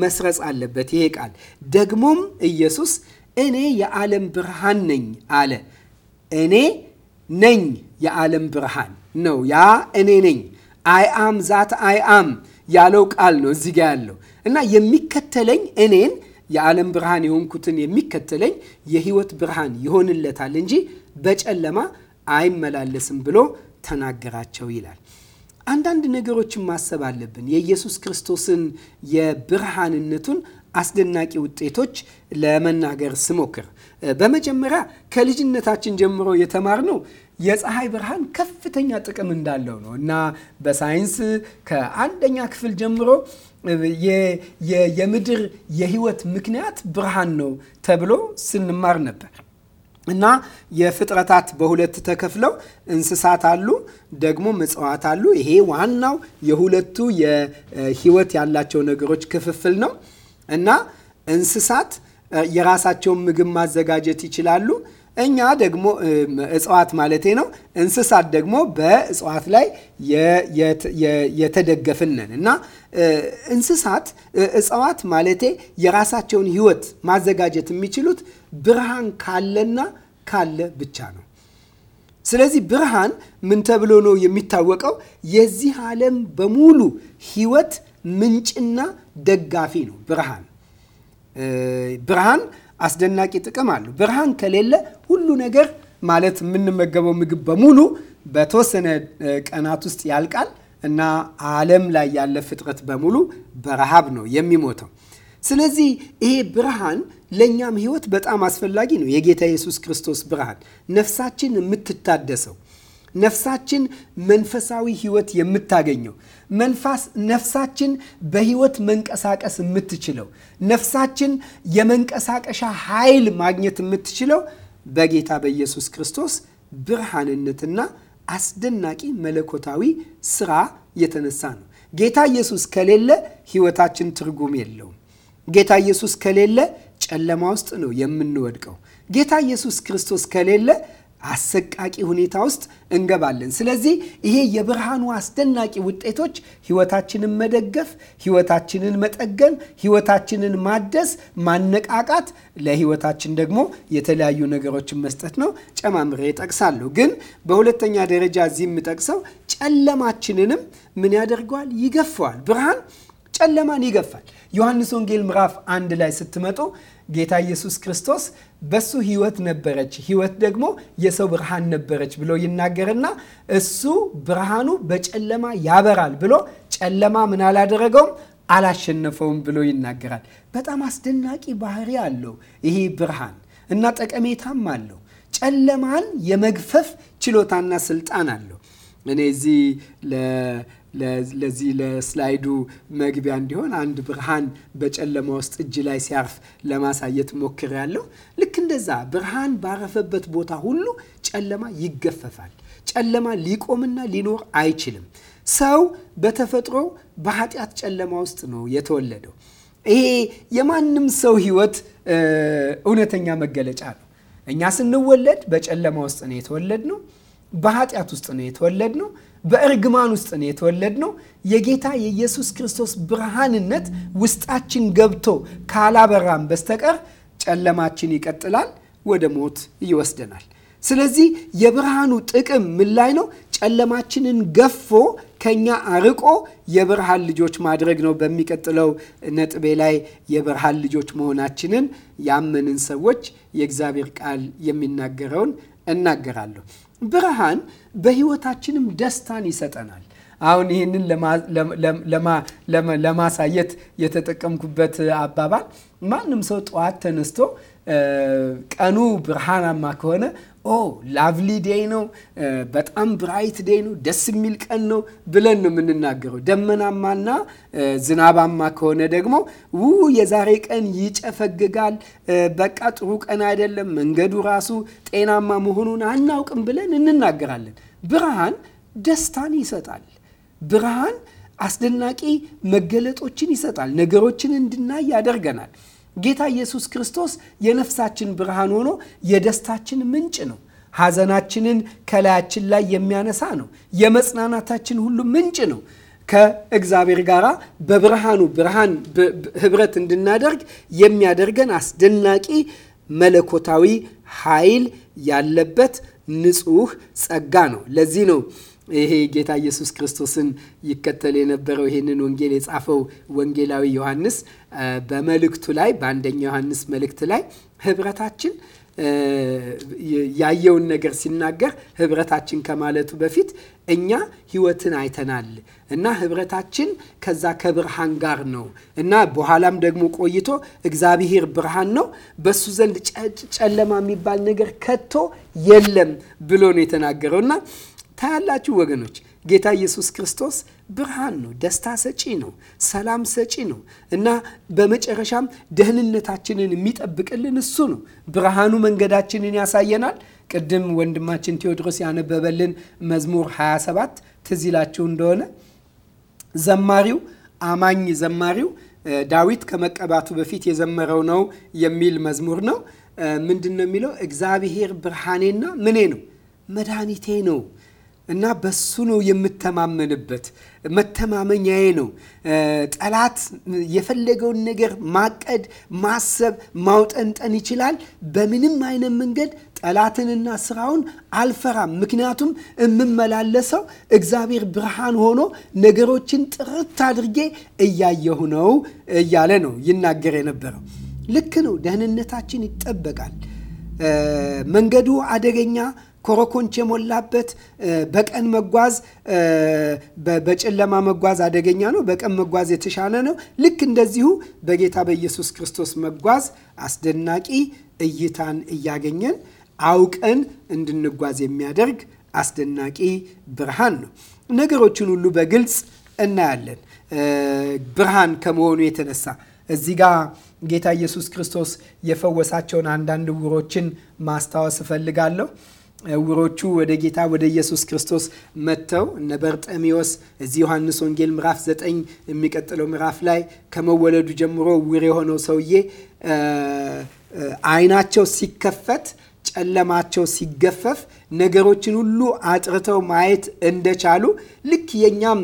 መስረጽ አለበት ይሄ ቃል። ደግሞም ኢየሱስ እኔ የዓለም ብርሃን ነኝ አለ። እኔ ነኝ የዓለም ብርሃን ነው። ያ እኔ ነኝ አይ አም ዛት አይ አም ያለው ቃል ነው እዚህ ጋ ያለው እና የሚከተለኝ እኔን የዓለም ብርሃን የሆንኩትን የሚከተለኝ የህይወት ብርሃን ይሆንለታል እንጂ በጨለማ አይመላለስም ብሎ ተናገራቸው ይላል። አንዳንድ ነገሮችን ማሰብ አለብን። የኢየሱስ ክርስቶስን የብርሃንነቱን አስደናቂ ውጤቶች ለመናገር ስሞክር፣ በመጀመሪያ ከልጅነታችን ጀምሮ የተማርነው የፀሐይ ብርሃን ከፍተኛ ጥቅም እንዳለው ነው እና በሳይንስ ከአንደኛ ክፍል ጀምሮ የምድር የህይወት ምክንያት ብርሃን ነው ተብሎ ስንማር ነበር እና የፍጥረታት በሁለት ተከፍለው እንስሳት አሉ፣ ደግሞ እጽዋት አሉ። ይሄ ዋናው የሁለቱ የህይወት ያላቸው ነገሮች ክፍፍል ነው እና እንስሳት የራሳቸውን ምግብ ማዘጋጀት ይችላሉ። እኛ ደግሞ እጽዋት ማለቴ ነው። እንስሳት ደግሞ በእጽዋት ላይ የተደገፍን ነን እና እንስሳት እጽዋት ማለቴ የራሳቸውን ሕይወት ማዘጋጀት የሚችሉት ብርሃን ካለና ካለ ብቻ ነው። ስለዚህ ብርሃን ምን ተብሎ ነው የሚታወቀው? የዚህ ዓለም በሙሉ ሕይወት ምንጭና ደጋፊ ነው ብርሃን ብርሃን አስደናቂ ጥቅም አለው። ብርሃን ከሌለ ሁሉ ነገር ማለት የምንመገበው ምግብ በሙሉ በተወሰነ ቀናት ውስጥ ያልቃል እና ዓለም ላይ ያለ ፍጥረት በሙሉ በረሃብ ነው የሚሞተው። ስለዚህ ይሄ ብርሃን ለእኛም ሕይወት በጣም አስፈላጊ ነው። የጌታ ኢየሱስ ክርስቶስ ብርሃን ነፍሳችን የምትታደሰው ነፍሳችን መንፈሳዊ ሕይወት የምታገኘው መንፋስ ነፍሳችን በህይወት መንቀሳቀስ የምትችለው ነፍሳችን የመንቀሳቀሻ ኃይል ማግኘት የምትችለው በጌታ በኢየሱስ ክርስቶስ ብርሃንነትና አስደናቂ መለኮታዊ ስራ የተነሳ ነው። ጌታ ኢየሱስ ከሌለ ህይወታችን ትርጉም የለውም። ጌታ ኢየሱስ ከሌለ ጨለማ ውስጥ ነው የምንወድቀው። ጌታ ኢየሱስ ክርስቶስ ከሌለ አሰቃቂ ሁኔታ ውስጥ እንገባለን። ስለዚህ ይሄ የብርሃኑ አስደናቂ ውጤቶች ህይወታችንን መደገፍ፣ ህይወታችንን መጠገን፣ ህይወታችንን ማደስ፣ ማነቃቃት፣ ለህይወታችን ደግሞ የተለያዩ ነገሮችን መስጠት ነው። ጨማምሬ ይጠቅሳሉ ግን በሁለተኛ ደረጃ እዚህ የምጠቅሰው ጨለማችንንም ምን ያደርገዋል? ይገፈዋል። ብርሃን ጨለማን ይገፋል። ዮሐንስ ወንጌል ምዕራፍ አንድ ላይ ስትመጡ ጌታ ኢየሱስ ክርስቶስ በሱ ህይወት ነበረች፣ ህይወት ደግሞ የሰው ብርሃን ነበረች ብሎ ይናገርና እሱ ብርሃኑ በጨለማ ያበራል ብሎ ጨለማ ምን አላደረገውም አላሸነፈውም ብሎ ይናገራል። በጣም አስደናቂ ባህሪ አለው ይሄ ብርሃን እና ጠቀሜታም አለው። ጨለማን የመግፈፍ ችሎታና ስልጣን አለው። እኔ እዚህ ለዚህ ለስላይዱ መግቢያ እንዲሆን አንድ ብርሃን በጨለማ ውስጥ እጅ ላይ ሲያርፍ ለማሳየት ሞክር ያለው ልክ እንደዛ ብርሃን ባረፈበት ቦታ ሁሉ ጨለማ ይገፈፋል። ጨለማ ሊቆምና ሊኖር አይችልም። ሰው በተፈጥሮ በኃጢአት ጨለማ ውስጥ ነው የተወለደው። ይሄ የማንም ሰው ህይወት እውነተኛ መገለጫ ነው። እኛ ስንወለድ በጨለማ ውስጥ ነው የተወለድ ነው በኃጢአት ውስጥ ነው የተወለድ ነው። በእርግማን ውስጥ ነው የተወለድ ነው። የጌታ የኢየሱስ ክርስቶስ ብርሃንነት ውስጣችን ገብቶ ካላበራም በስተቀር ጨለማችን ይቀጥላል፣ ወደ ሞት ይወስደናል። ስለዚህ የብርሃኑ ጥቅም ምን ላይ ነው? ጨለማችንን ገፎ ከኛ አርቆ የብርሃን ልጆች ማድረግ ነው። በሚቀጥለው ነጥቤ ላይ የብርሃን ልጆች መሆናችንን ያመንን ሰዎች የእግዚአብሔር ቃል የሚናገረውን እናገራለሁ። ብርሃን በህይወታችንም ደስታን ይሰጠናል። አሁን ይህንን ለማሳየት የተጠቀምኩበት አባባል ማንም ሰው ጠዋት ተነስቶ ቀኑ ብርሃናማ ከሆነ ኦ ላቭሊ ዴይ ነው፣ በጣም ብራይት ዴይ ነው፣ ደስ የሚል ቀን ነው ብለን ነው የምንናገረው። ደመናማና ዝናባማ ከሆነ ደግሞ ው የዛሬ ቀን ይጨፈግጋል፣ በቃ ጥሩ ቀን አይደለም፣ መንገዱ ራሱ ጤናማ መሆኑን አናውቅም ብለን እንናገራለን። ብርሃን ደስታን ይሰጣል። ብርሃን አስደናቂ መገለጦችን ይሰጣል። ነገሮችን እንድናይ ያደርገናል። ጌታ ኢየሱስ ክርስቶስ የነፍሳችን ብርሃን ሆኖ የደስታችን ምንጭ ነው። ሐዘናችንን ከላያችን ላይ የሚያነሳ ነው። የመጽናናታችን ሁሉ ምንጭ ነው። ከእግዚአብሔር ጋር በብርሃኑ ብርሃን ህብረት እንድናደርግ የሚያደርገን አስደናቂ መለኮታዊ ኃይል ያለበት ንጹህ ጸጋ ነው። ለዚህ ነው ይሄ ጌታ ኢየሱስ ክርስቶስን ይከተል የነበረው ይህንን ወንጌል የጻፈው ወንጌላዊ ዮሐንስ በመልእክቱ ላይ በአንደኛው ዮሐንስ መልእክት ላይ ህብረታችን ያየውን ነገር ሲናገር ህብረታችን ከማለቱ በፊት እኛ ህይወትን አይተናል እና ህብረታችን ከዛ ከብርሃን ጋር ነው እና በኋላም ደግሞ ቆይቶ እግዚአብሔር ብርሃን ነው፣ በሱ ዘንድ ጨለማ የሚባል ነገር ከቶ የለም ብሎ ነው የተናገረው እና ታያላችሁ ወገኖች፣ ጌታ ኢየሱስ ክርስቶስ ብርሃን ነው፣ ደስታ ሰጪ ነው፣ ሰላም ሰጪ ነው እና በመጨረሻም ደህንነታችንን የሚጠብቅልን እሱ ነው። ብርሃኑ መንገዳችንን ያሳየናል። ቅድም ወንድማችን ቴዎድሮስ ያነበበልን መዝሙር 27 ትዝ ይላችሁ እንደሆነ ዘማሪው አማኝ ዘማሪው ዳዊት ከመቀባቱ በፊት የዘመረው ነው የሚል መዝሙር ነው። ምንድን ነው የሚለው? እግዚአብሔር ብርሃኔና ምኔ ነው መድኃኒቴ ነው እና በሱ ነው የምተማመንበት። መተማመኛዬ ነው። ጠላት የፈለገውን ነገር ማቀድ፣ ማሰብ፣ ማውጠንጠን ይችላል። በምንም አይነት መንገድ ጠላትንና ስራውን አልፈራም። ምክንያቱም የምመላለሰው እግዚአብሔር ብርሃን ሆኖ ነገሮችን ጥርት አድርጌ እያየሁ ነው እያለ ነው ይናገር የነበረው። ልክ ነው። ደህንነታችን ይጠበቃል። መንገዱ አደገኛ ኮረኮንች የሞላበት በቀን መጓዝ በጨለማ መጓዝ አደገኛ ነው። በቀን መጓዝ የተሻለ ነው። ልክ እንደዚሁ በጌታ በኢየሱስ ክርስቶስ መጓዝ አስደናቂ እይታን እያገኘን አውቀን እንድንጓዝ የሚያደርግ አስደናቂ ብርሃን ነው። ነገሮችን ሁሉ በግልጽ እናያለን ብርሃን ከመሆኑ የተነሳ እዚህ ጋ ጌታ ኢየሱስ ክርስቶስ የፈወሳቸውን አንዳንድ ውሮችን ማስታወስ እፈልጋለሁ። ውሮቹ ወደ ጌታ ወደ ኢየሱስ ክርስቶስ መጥተው እነ እዚህ ዮሐንስ ወንጌል ምዕራፍ ዘጠኝ የሚቀጥለው ምዕራፍ ላይ ከመወለዱ ጀምሮ እውር የሆነው ሰውዬ አይናቸው ሲከፈት ጨለማቸው ሲገፈፍ ነገሮችን ሁሉ አጥርተው ማየት እንደቻሉ ልክ የእኛም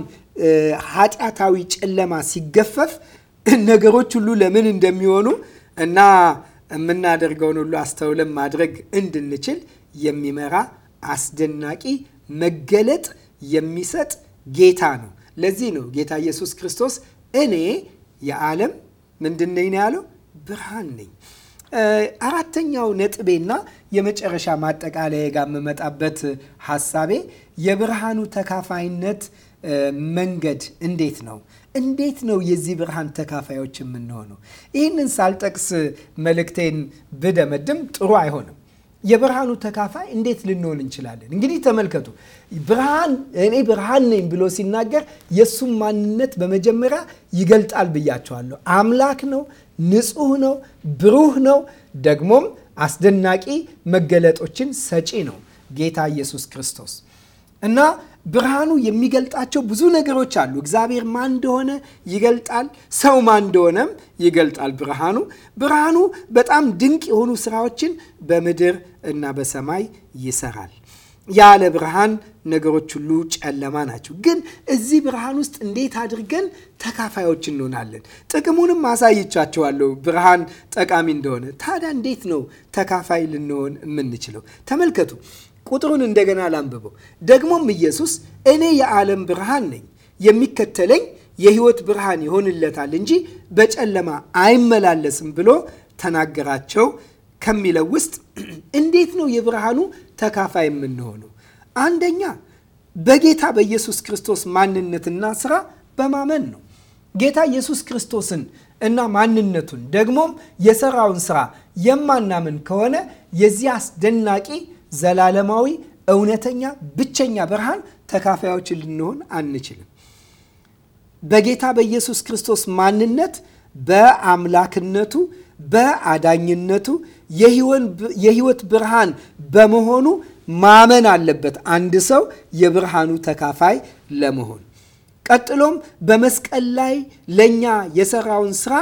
ኃጢአታዊ ጨለማ ሲገፈፍ ነገሮች ሁሉ ለምን እንደሚሆኑ እና የምናደርገውን ሁሉ አስተውለን ማድረግ እንድንችል የሚመራ አስደናቂ መገለጥ የሚሰጥ ጌታ ነው። ለዚህ ነው ጌታ ኢየሱስ ክርስቶስ እኔ የዓለም ምንድን ነኝ ነው ያለው? ብርሃን ነኝ። አራተኛው ነጥቤና የመጨረሻ ማጠቃለያ ጋር የምመጣበት ሀሳቤ የብርሃኑ ተካፋይነት መንገድ እንዴት ነው? እንዴት ነው የዚህ ብርሃን ተካፋዮች የምንሆነው? ይህንን ሳልጠቅስ መልእክቴን ብደመድም ጥሩ አይሆንም። የብርሃኑ ተካፋይ እንዴት ልንሆን እንችላለን? እንግዲህ ተመልከቱ፣ ብርሃን እኔ ብርሃን ነኝ ብሎ ሲናገር የእሱም ማንነት በመጀመሪያ ይገልጣል ብያቸዋለሁ። አምላክ ነው፣ ንጹህ ነው፣ ብሩህ ነው፣ ደግሞም አስደናቂ መገለጦችን ሰጪ ነው ጌታ ኢየሱስ ክርስቶስ እና ብርሃኑ የሚገልጣቸው ብዙ ነገሮች አሉ። እግዚአብሔር ማን እንደሆነ ይገልጣል። ሰው ማን እንደሆነም ይገልጣል። ብርሃኑ ብርሃኑ በጣም ድንቅ የሆኑ ስራዎችን በምድር እና በሰማይ ይሰራል። ያለ ብርሃን ነገሮች ሁሉ ጨለማ ናቸው። ግን እዚህ ብርሃን ውስጥ እንዴት አድርገን ተካፋዮች እንሆናለን? ጥቅሙንም አሳይቻቸዋለሁ ብርሃን ጠቃሚ እንደሆነ። ታዲያ እንዴት ነው ተካፋይ ልንሆን የምንችለው? ተመልከቱ ቁጥሩን እንደገና ላንብበው። ደግሞም ኢየሱስ እኔ የዓለም ብርሃን ነኝ፣ የሚከተለኝ የህይወት ብርሃን ይሆንለታል እንጂ በጨለማ አይመላለስም ብሎ ተናገራቸው ከሚለው ውስጥ <clears throat> እንዴት ነው የብርሃኑ ተካፋይ የምንሆነው? አንደኛ በጌታ በኢየሱስ ክርስቶስ ማንነትና ስራ በማመን ነው። ጌታ ኢየሱስ ክርስቶስን እና ማንነቱን ደግሞም የሰራውን ስራ የማናምን ከሆነ የዚህ አስደናቂ ዘላለማዊ፣ እውነተኛ፣ ብቸኛ ብርሃን ተካፋዮች ልንሆን አንችልም። በጌታ በኢየሱስ ክርስቶስ ማንነት፣ በአምላክነቱ፣ በአዳኝነቱ የህይወት ብርሃን በመሆኑ ማመን አለበት አንድ ሰው የብርሃኑ ተካፋይ ለመሆን። ቀጥሎም በመስቀል ላይ ለእኛ የሰራውን ስራ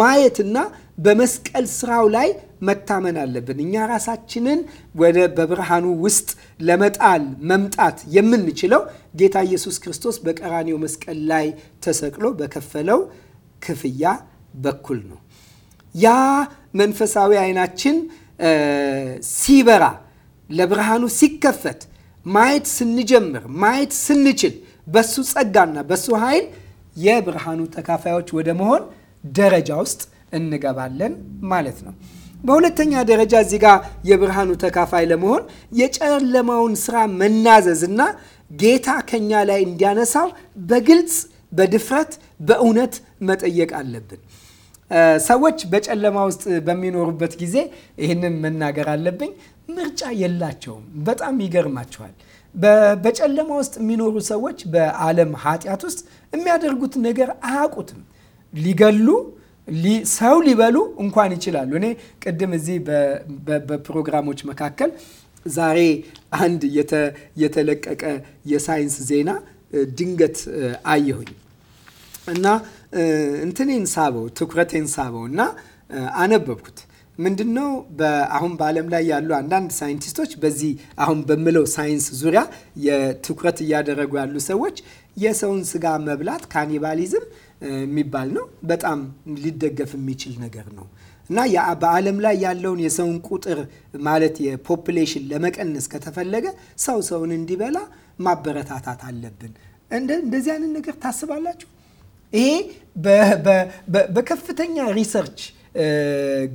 ማየትና በመስቀል ስራው ላይ መታመን አለብን። እኛ ራሳችንን ወደ በብርሃኑ ውስጥ ለመጣል መምጣት የምንችለው ጌታ ኢየሱስ ክርስቶስ በቀራኔው መስቀል ላይ ተሰቅሎ በከፈለው ክፍያ በኩል ነው። ያ መንፈሳዊ አይናችን ሲበራ ለብርሃኑ ሲከፈት ማየት ስንጀምር ማየት ስንችል በሱ ጸጋና በሱ ኃይል የብርሃኑ ተካፋዮች ወደ መሆን ደረጃ ውስጥ እንገባለን ማለት ነው። በሁለተኛ ደረጃ እዚህ ጋር የብርሃኑ ተካፋይ ለመሆን የጨለማውን ስራ መናዘዝ እና ጌታ ከኛ ላይ እንዲያነሳው በግልጽ በድፍረት በእውነት መጠየቅ አለብን። ሰዎች በጨለማ ውስጥ በሚኖሩበት ጊዜ ይህንን መናገር አለብኝ፣ ምርጫ የላቸውም። በጣም ይገርማቸዋል። በጨለማ ውስጥ የሚኖሩ ሰዎች በዓለም ኃጢአት ውስጥ የሚያደርጉት ነገር አያውቁትም። ሊገሉ ሰው ሊበሉ እንኳን ይችላሉ። እኔ ቅድም እዚህ በፕሮግራሞች መካከል ዛሬ አንድ የተለቀቀ የሳይንስ ዜና ድንገት አየሁኝ እና እንትኔን ሳበው፣ ትኩረቴን ሳበው እና አነበብኩት። ምንድን ነው አሁን በዓለም ላይ ያሉ አንዳንድ ሳይንቲስቶች በዚህ አሁን በምለው ሳይንስ ዙሪያ የትኩረት እያደረጉ ያሉ ሰዎች የሰውን ስጋ መብላት ካኒባሊዝም የሚባል ነው። በጣም ሊደገፍ የሚችል ነገር ነው እና በዓለም ላይ ያለውን የሰውን ቁጥር ማለት የፖፕሌሽን ለመቀነስ ከተፈለገ ሰው ሰውን እንዲበላ ማበረታታት አለብን። እንደዚህ አይነት ነገር ታስባላችሁ? ይሄ በከፍተኛ ሪሰርች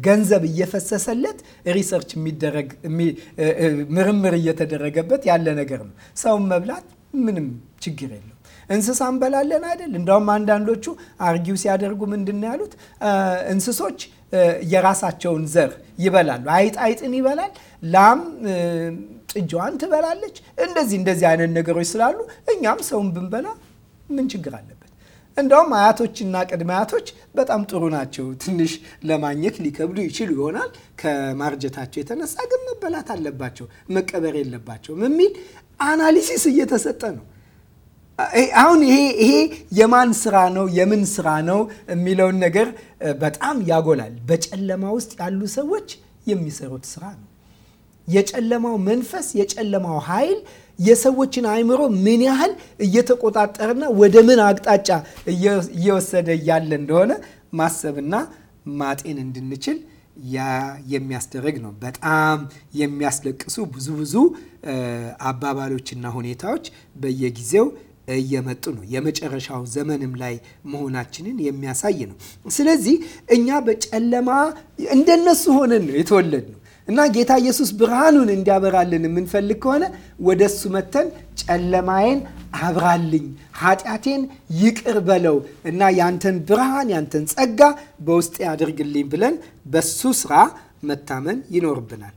ገንዘብ እየፈሰሰለት ሪሰርች የሚደረግ ምርምር እየተደረገበት ያለ ነገር ነው። ሰውን መብላት ምንም ችግር የለው። እንስሳ እንበላለን አይደል? እንደውም አንዳንዶቹ አርጊው ሲያደርጉ ምንድን ያሉት? እንስሶች የራሳቸውን ዘር ይበላሉ። አይጥ አይጥን ይበላል፣ ላም ጥጃዋን ትበላለች። እንደዚህ እንደዚህ አይነት ነገሮች ስላሉ እኛም ሰውን ብንበላ ምን ችግር አለበት? እንደውም አያቶችና ቅድመ አያቶች በጣም ጥሩ ናቸው። ትንሽ ለማግኘት ሊከብዱ ይችሉ ይሆናል ከማርጀታቸው የተነሳ ግን መበላት አለባቸው መቀበር የለባቸውም የሚል አናሊሲስ እየተሰጠ ነው። አሁን ይሄ ይሄ የማን ስራ ነው የምን ስራ ነው የሚለውን ነገር በጣም ያጎላል። በጨለማ ውስጥ ያሉ ሰዎች የሚሰሩት ስራ ነው። የጨለማው መንፈስ የጨለማው ኃይል የሰዎችን አእምሮ ምን ያህል እየተቆጣጠረና ወደ ምን አቅጣጫ እየወሰደ እያለ እንደሆነ ማሰብና ማጤን እንድንችል ያ የሚያስደረግ ነው። በጣም የሚያስለቅሱ ብዙ ብዙ አባባሎችና ሁኔታዎች በየጊዜው እየመጡ ነው። የመጨረሻው ዘመንም ላይ መሆናችንን የሚያሳይ ነው። ስለዚህ እኛ በጨለማ እንደነሱ ሆነን ነው የተወለድነው እና ጌታ ኢየሱስ ብርሃኑን እንዲያበራልን የምንፈልግ ከሆነ ወደ እሱ መተን ጨለማዬን አብራልኝ፣ ኃጢአቴን ይቅር በለው እና ያንተን ብርሃን ያንተን ጸጋ በውስጤ ያድርግልኝ ብለን በሱ ስራ መታመን ይኖርብናል።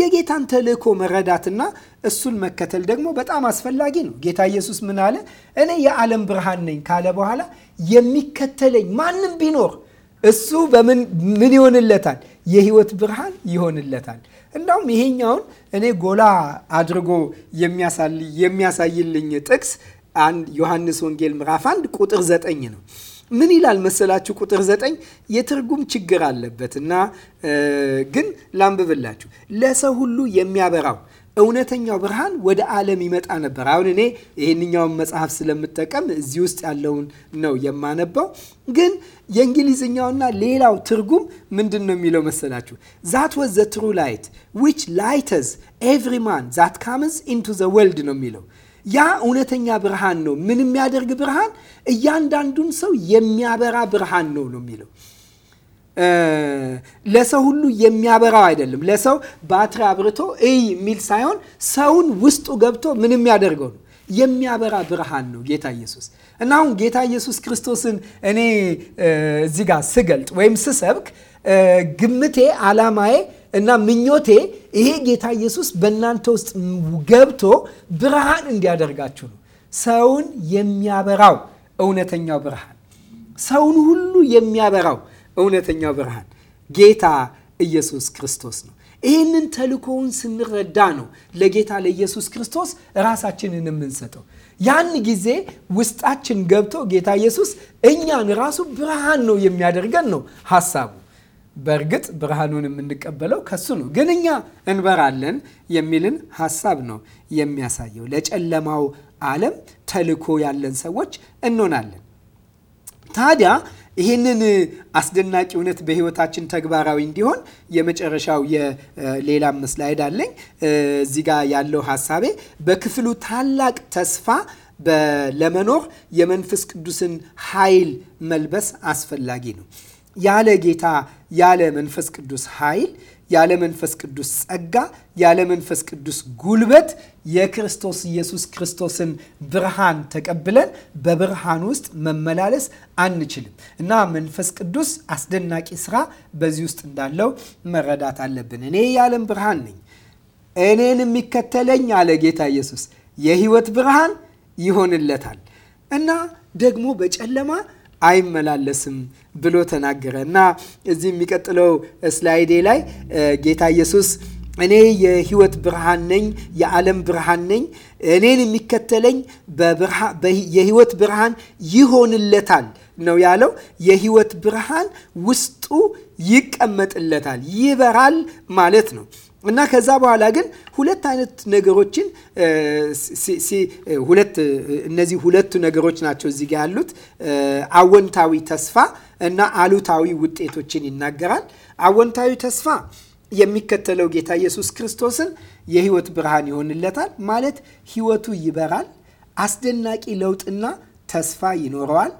የጌታን ተልእኮ መረዳትና እሱን መከተል ደግሞ በጣም አስፈላጊ ነው። ጌታ ኢየሱስ ምን አለ? እኔ የዓለም ብርሃን ነኝ ካለ በኋላ የሚከተለኝ ማንም ቢኖር እሱ በምን ምን ይሆንለታል? የህይወት ብርሃን ይሆንለታል። እንዳውም ይሄኛውን እኔ ጎላ አድርጎ የሚያሳይልኝ ጥቅስ ዮሐንስ ወንጌል ምዕራፍ 1 ቁጥር 9 ነው። ምን ይላል መሰላችሁ? ቁጥር ዘጠኝ የትርጉም ችግር አለበት እና ግን ላንብብላችሁ። ለሰው ሁሉ የሚያበራው እውነተኛው ብርሃን ወደ ዓለም ይመጣ ነበር። አሁን እኔ ይህንኛውን መጽሐፍ ስለምጠቀም እዚህ ውስጥ ያለውን ነው የማነባው። ግን የእንግሊዝኛውና ሌላው ትርጉም ምንድን ነው የሚለው መሰላችሁ? ዛት ወዝ ዘ ትሩ ላይት ዊች ላይተዝ ኤቭሪ ማን ዛት ካምዝ ኢንቱ ዘ ወልድ ነው የሚለው ያ እውነተኛ ብርሃን ነው። ምን የሚያደርግ ብርሃን? እያንዳንዱን ሰው የሚያበራ ብርሃን ነው ነው የሚለው ለሰው ሁሉ የሚያበራው አይደለም። ለሰው ባትሪ አብርቶ እይ የሚል ሳይሆን ሰውን ውስጡ ገብቶ ምን የሚያደርገው ነው የሚያበራ ብርሃን ነው ጌታ ኢየሱስ። እና አሁን ጌታ ኢየሱስ ክርስቶስን እኔ እዚህ ጋር ስገልጥ ወይም ስሰብክ ግምቴ አላማዬ እና ምኞቴ ይሄ ጌታ ኢየሱስ በእናንተ ውስጥ ገብቶ ብርሃን እንዲያደርጋችሁ ነው። ሰውን የሚያበራው እውነተኛው ብርሃን፣ ሰውን ሁሉ የሚያበራው እውነተኛው ብርሃን ጌታ ኢየሱስ ክርስቶስ ነው። ይህንን ተልኮውን ስንረዳ ነው ለጌታ ለኢየሱስ ክርስቶስ ራሳችንን የምንሰጠው። ያን ጊዜ ውስጣችን ገብቶ ጌታ ኢየሱስ እኛን ራሱ ብርሃን ነው የሚያደርገን ነው ሀሳቡ። በእርግጥ ብርሃኑን የምንቀበለው ከሱ ነው፣ ግን እኛ እንበራለን የሚልን ሀሳብ ነው የሚያሳየው። ለጨለማው ዓለም ተልኮ ያለን ሰዎች እንሆናለን። ታዲያ ይህንን አስደናቂ እውነት በህይወታችን ተግባራዊ እንዲሆን የመጨረሻው የሌላ ስላይድ አለኝ። እዚህ ጋር ያለው ሀሳቤ በክፍሉ ታላቅ ተስፋ ለመኖር የመንፈስ ቅዱስን ኃይል መልበስ አስፈላጊ ነው። ያለ ጌታ ያለ መንፈስ ቅዱስ ኃይል ያለ መንፈስ ቅዱስ ጸጋ ያለ መንፈስ ቅዱስ ጉልበት የክርስቶስ ኢየሱስ ክርስቶስን ብርሃን ተቀብለን በብርሃን ውስጥ መመላለስ አንችልም እና መንፈስ ቅዱስ አስደናቂ ስራ በዚህ ውስጥ እንዳለው መረዳት አለብን። እኔ የዓለም ብርሃን ነኝ፣ እኔን የሚከተለኝ አለ ጌታ ኢየሱስ የህይወት ብርሃን ይሆንለታል እና ደግሞ በጨለማ አይመላለስም ብሎ ተናገረ እና እዚህ የሚቀጥለው ስላይዴ ላይ ጌታ ኢየሱስ እኔ የህይወት ብርሃን ነኝ፣ የዓለም ብርሃን ነኝ። እኔን የሚከተለኝ የህይወት ብርሃን ይሆንለታል ነው ያለው። የህይወት ብርሃን ውስጡ ይቀመጥለታል፣ ይበራል ማለት ነው። እና ከዛ በኋላ ግን ሁለት አይነት ነገሮችን ሁለት እነዚህ ሁለቱ ነገሮች ናቸው እዚህ ጋ ያሉት አወንታዊ ተስፋ እና አሉታዊ ውጤቶችን ይናገራል። አወንታዊ ተስፋ የሚከተለው ጌታ ኢየሱስ ክርስቶስን የህይወት ብርሃን ይሆንለታል ማለት ህይወቱ ይበራል፣ አስደናቂ ለውጥና ተስፋ ይኖረዋል፣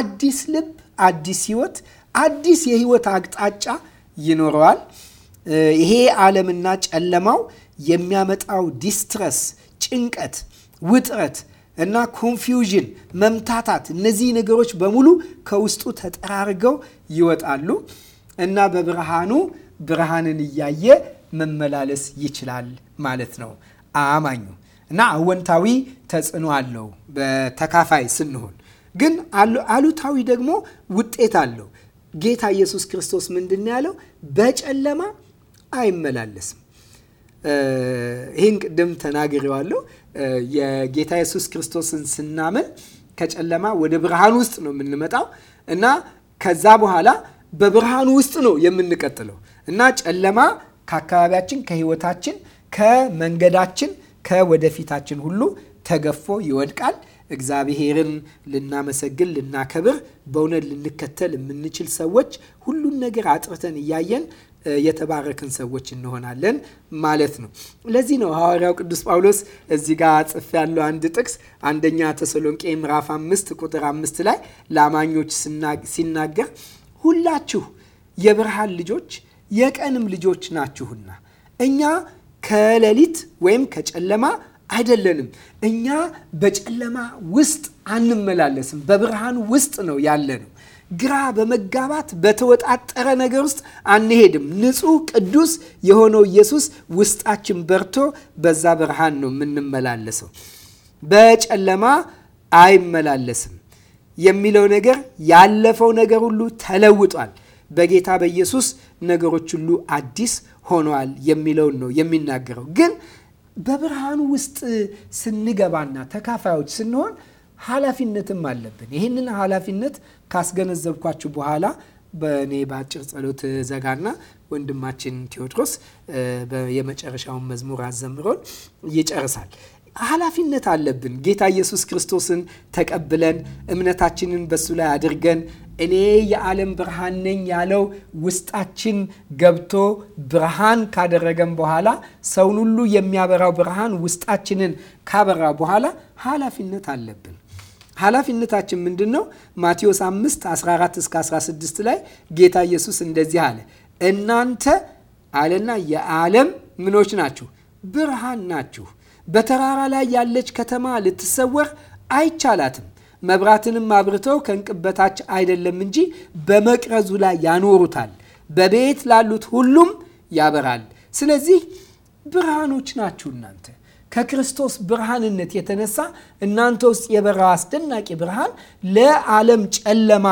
አዲስ ልብ፣ አዲስ ህይወት፣ አዲስ የህይወት አቅጣጫ ይኖረዋል። ይሄ ዓለምና ጨለማው የሚያመጣው ዲስትረስ፣ ጭንቀት፣ ውጥረት እና ኮንፊውዥን፣ መምታታት እነዚህ ነገሮች በሙሉ ከውስጡ ተጠራርገው ይወጣሉ እና በብርሃኑ ብርሃንን እያየ መመላለስ ይችላል ማለት ነው አማኙ እና አወንታዊ ተጽዕኖ አለው በተካፋይ ስንሆን ግን አሉታዊ ደግሞ ውጤት አለው። ጌታ ኢየሱስ ክርስቶስ ምንድን ያለው? በጨለማ አይመላለስም። ይህን ቅድም ተናግሬዋለሁ። የጌታ ኢየሱስ ክርስቶስን ስናምን ከጨለማ ወደ ብርሃን ውስጥ ነው የምንመጣው እና ከዛ በኋላ በብርሃኑ ውስጥ ነው የምንቀጥለው እና ጨለማ ከአካባቢያችን፣ ከህይወታችን፣ ከመንገዳችን፣ ከወደፊታችን ሁሉ ተገፎ ይወድቃል። እግዚአብሔርን ልናመሰግን ልናከብር፣ በእውነት ልንከተል የምንችል ሰዎች ሁሉን ነገር አጥርተን እያየን የተባረክን ሰዎች እንሆናለን ማለት ነው። ለዚህ ነው ሐዋርያው ቅዱስ ጳውሎስ እዚህ ጋር ጽፍ ያለው አንድ ጥቅስ አንደኛ ተሰሎንቄ ምዕራፍ አምስት ቁጥር አምስት ላይ ለአማኞች ሲናገር ሁላችሁ የብርሃን ልጆች የቀንም ልጆች ናችሁና እኛ ከሌሊት ወይም ከጨለማ አይደለንም። እኛ በጨለማ ውስጥ አንመላለስም፣ በብርሃን ውስጥ ነው ያለነው። ግራ በመጋባት በተወጣጠረ ነገር ውስጥ አንሄድም። ንጹህ ቅዱስ የሆነው ኢየሱስ ውስጣችን በርቶ በዛ ብርሃን ነው የምንመላለሰው። በጨለማ አይመላለስም የሚለው ነገር ያለፈው ነገር ሁሉ ተለውጧል። በጌታ በኢየሱስ ነገሮች ሁሉ አዲስ ሆነዋል የሚለውን ነው የሚናገረው። ግን በብርሃኑ ውስጥ ስንገባና ተካፋዮች ስንሆን ኃላፊነትም አለብን። ይህንን ኃላፊነት ካስገነዘብኳችሁ በኋላ በእኔ በአጭር ጸሎት ዘጋና ወንድማችን ቴዎድሮስ የመጨረሻውን መዝሙር አዘምሮን ይጨርሳል። ኃላፊነት አለብን። ጌታ ኢየሱስ ክርስቶስን ተቀብለን እምነታችንን በሱ ላይ አድርገን እኔ የዓለም ብርሃን ነኝ ያለው ውስጣችን ገብቶ ብርሃን ካደረገን በኋላ ሰውን ሁሉ የሚያበራው ብርሃን ውስጣችንን ካበራ በኋላ ኃላፊነት አለብን። ኃላፊነታችን ምንድን ነው? ማቴዎስ 5 14 እስከ 16 ላይ ጌታ ኢየሱስ እንደዚህ አለ። እናንተ አለና የዓለም ምኖች ናችሁ፣ ብርሃን ናችሁ። በተራራ ላይ ያለች ከተማ ልትሰወር አይቻላትም። መብራትንም አብርተው ከእንቅብ በታች አይደለም እንጂ በመቅረዙ ላይ ያኖሩታል፣ በቤት ላሉት ሁሉም ያበራል። ስለዚህ ብርሃኖች ናችሁ እናንተ ከክርስቶስ ብርሃንነት የተነሳ እናንተ ውስጥ የበራ አስደናቂ ብርሃን ለዓለም ጨለማ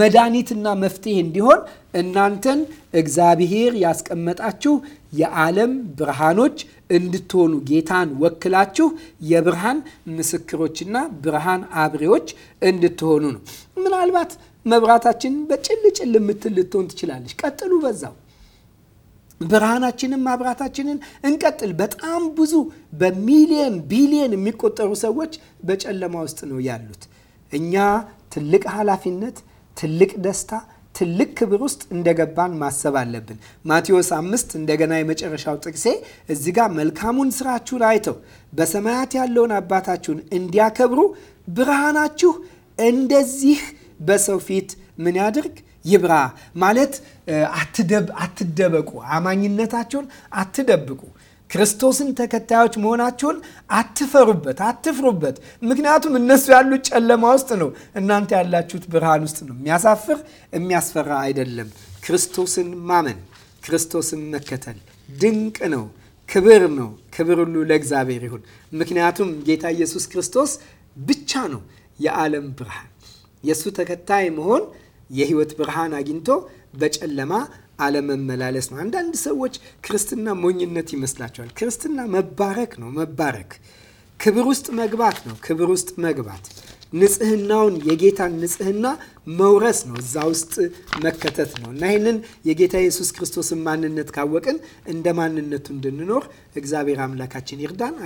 መድኃኒትና መፍትሄ እንዲሆን እናንተን እግዚአብሔር ያስቀመጣችሁ የዓለም ብርሃኖች እንድትሆኑ ጌታን ወክላችሁ የብርሃን ምስክሮችና ብርሃን አብሬዎች እንድትሆኑ ነው። ምናልባት መብራታችን በጭልጭል የምትል ልትሆን ትችላለች። ቀጥሉ በዛው ብርሃናችንን ማብራታችንን እንቀጥል። በጣም ብዙ በሚሊየን ቢሊየን የሚቆጠሩ ሰዎች በጨለማ ውስጥ ነው ያሉት። እኛ ትልቅ ኃላፊነት፣ ትልቅ ደስታ፣ ትልቅ ክብር ውስጥ እንደገባን ማሰብ አለብን። ማቴዎስ አምስት እንደገና የመጨረሻው ጥቅሴ እዚህ ጋር መልካሙን ስራችሁን አይተው በሰማያት ያለውን አባታችሁን እንዲያከብሩ ብርሃናችሁ እንደዚህ በሰው ፊት ምን ያድርግ ይብራ ማለት አትደበቁ፣ አማኝነታችሁን አትደብቁ። ክርስቶስን ተከታዮች መሆናችሁን አትፈሩበት፣ አትፍሩበት። ምክንያቱም እነሱ ያሉት ጨለማ ውስጥ ነው፣ እናንተ ያላችሁት ብርሃን ውስጥ ነው። የሚያሳፍር የሚያስፈራ አይደለም። ክርስቶስን ማመን፣ ክርስቶስን መከተል ድንቅ ነው፣ ክብር ነው። ክብር ሁሉ ለእግዚአብሔር ይሁን። ምክንያቱም ጌታ ኢየሱስ ክርስቶስ ብቻ ነው የዓለም ብርሃን። የእሱ ተከታይ መሆን የህይወት ብርሃን አግኝቶ በጨለማ አለመመላለስ ነው። አንዳንድ ሰዎች ክርስትና ሞኝነት ይመስላቸዋል። ክርስትና መባረክ ነው። መባረክ ክብር ውስጥ መግባት ነው። ክብር ውስጥ መግባት ንጽህናውን የጌታን ንጽህና መውረስ ነው። እዛ ውስጥ መከተት ነው እና ይህንን የጌታ ኢየሱስ ክርስቶስን ማንነት ካወቅን እንደ ማንነቱ እንድንኖር እግዚአብሔር አምላካችን ይርዳን።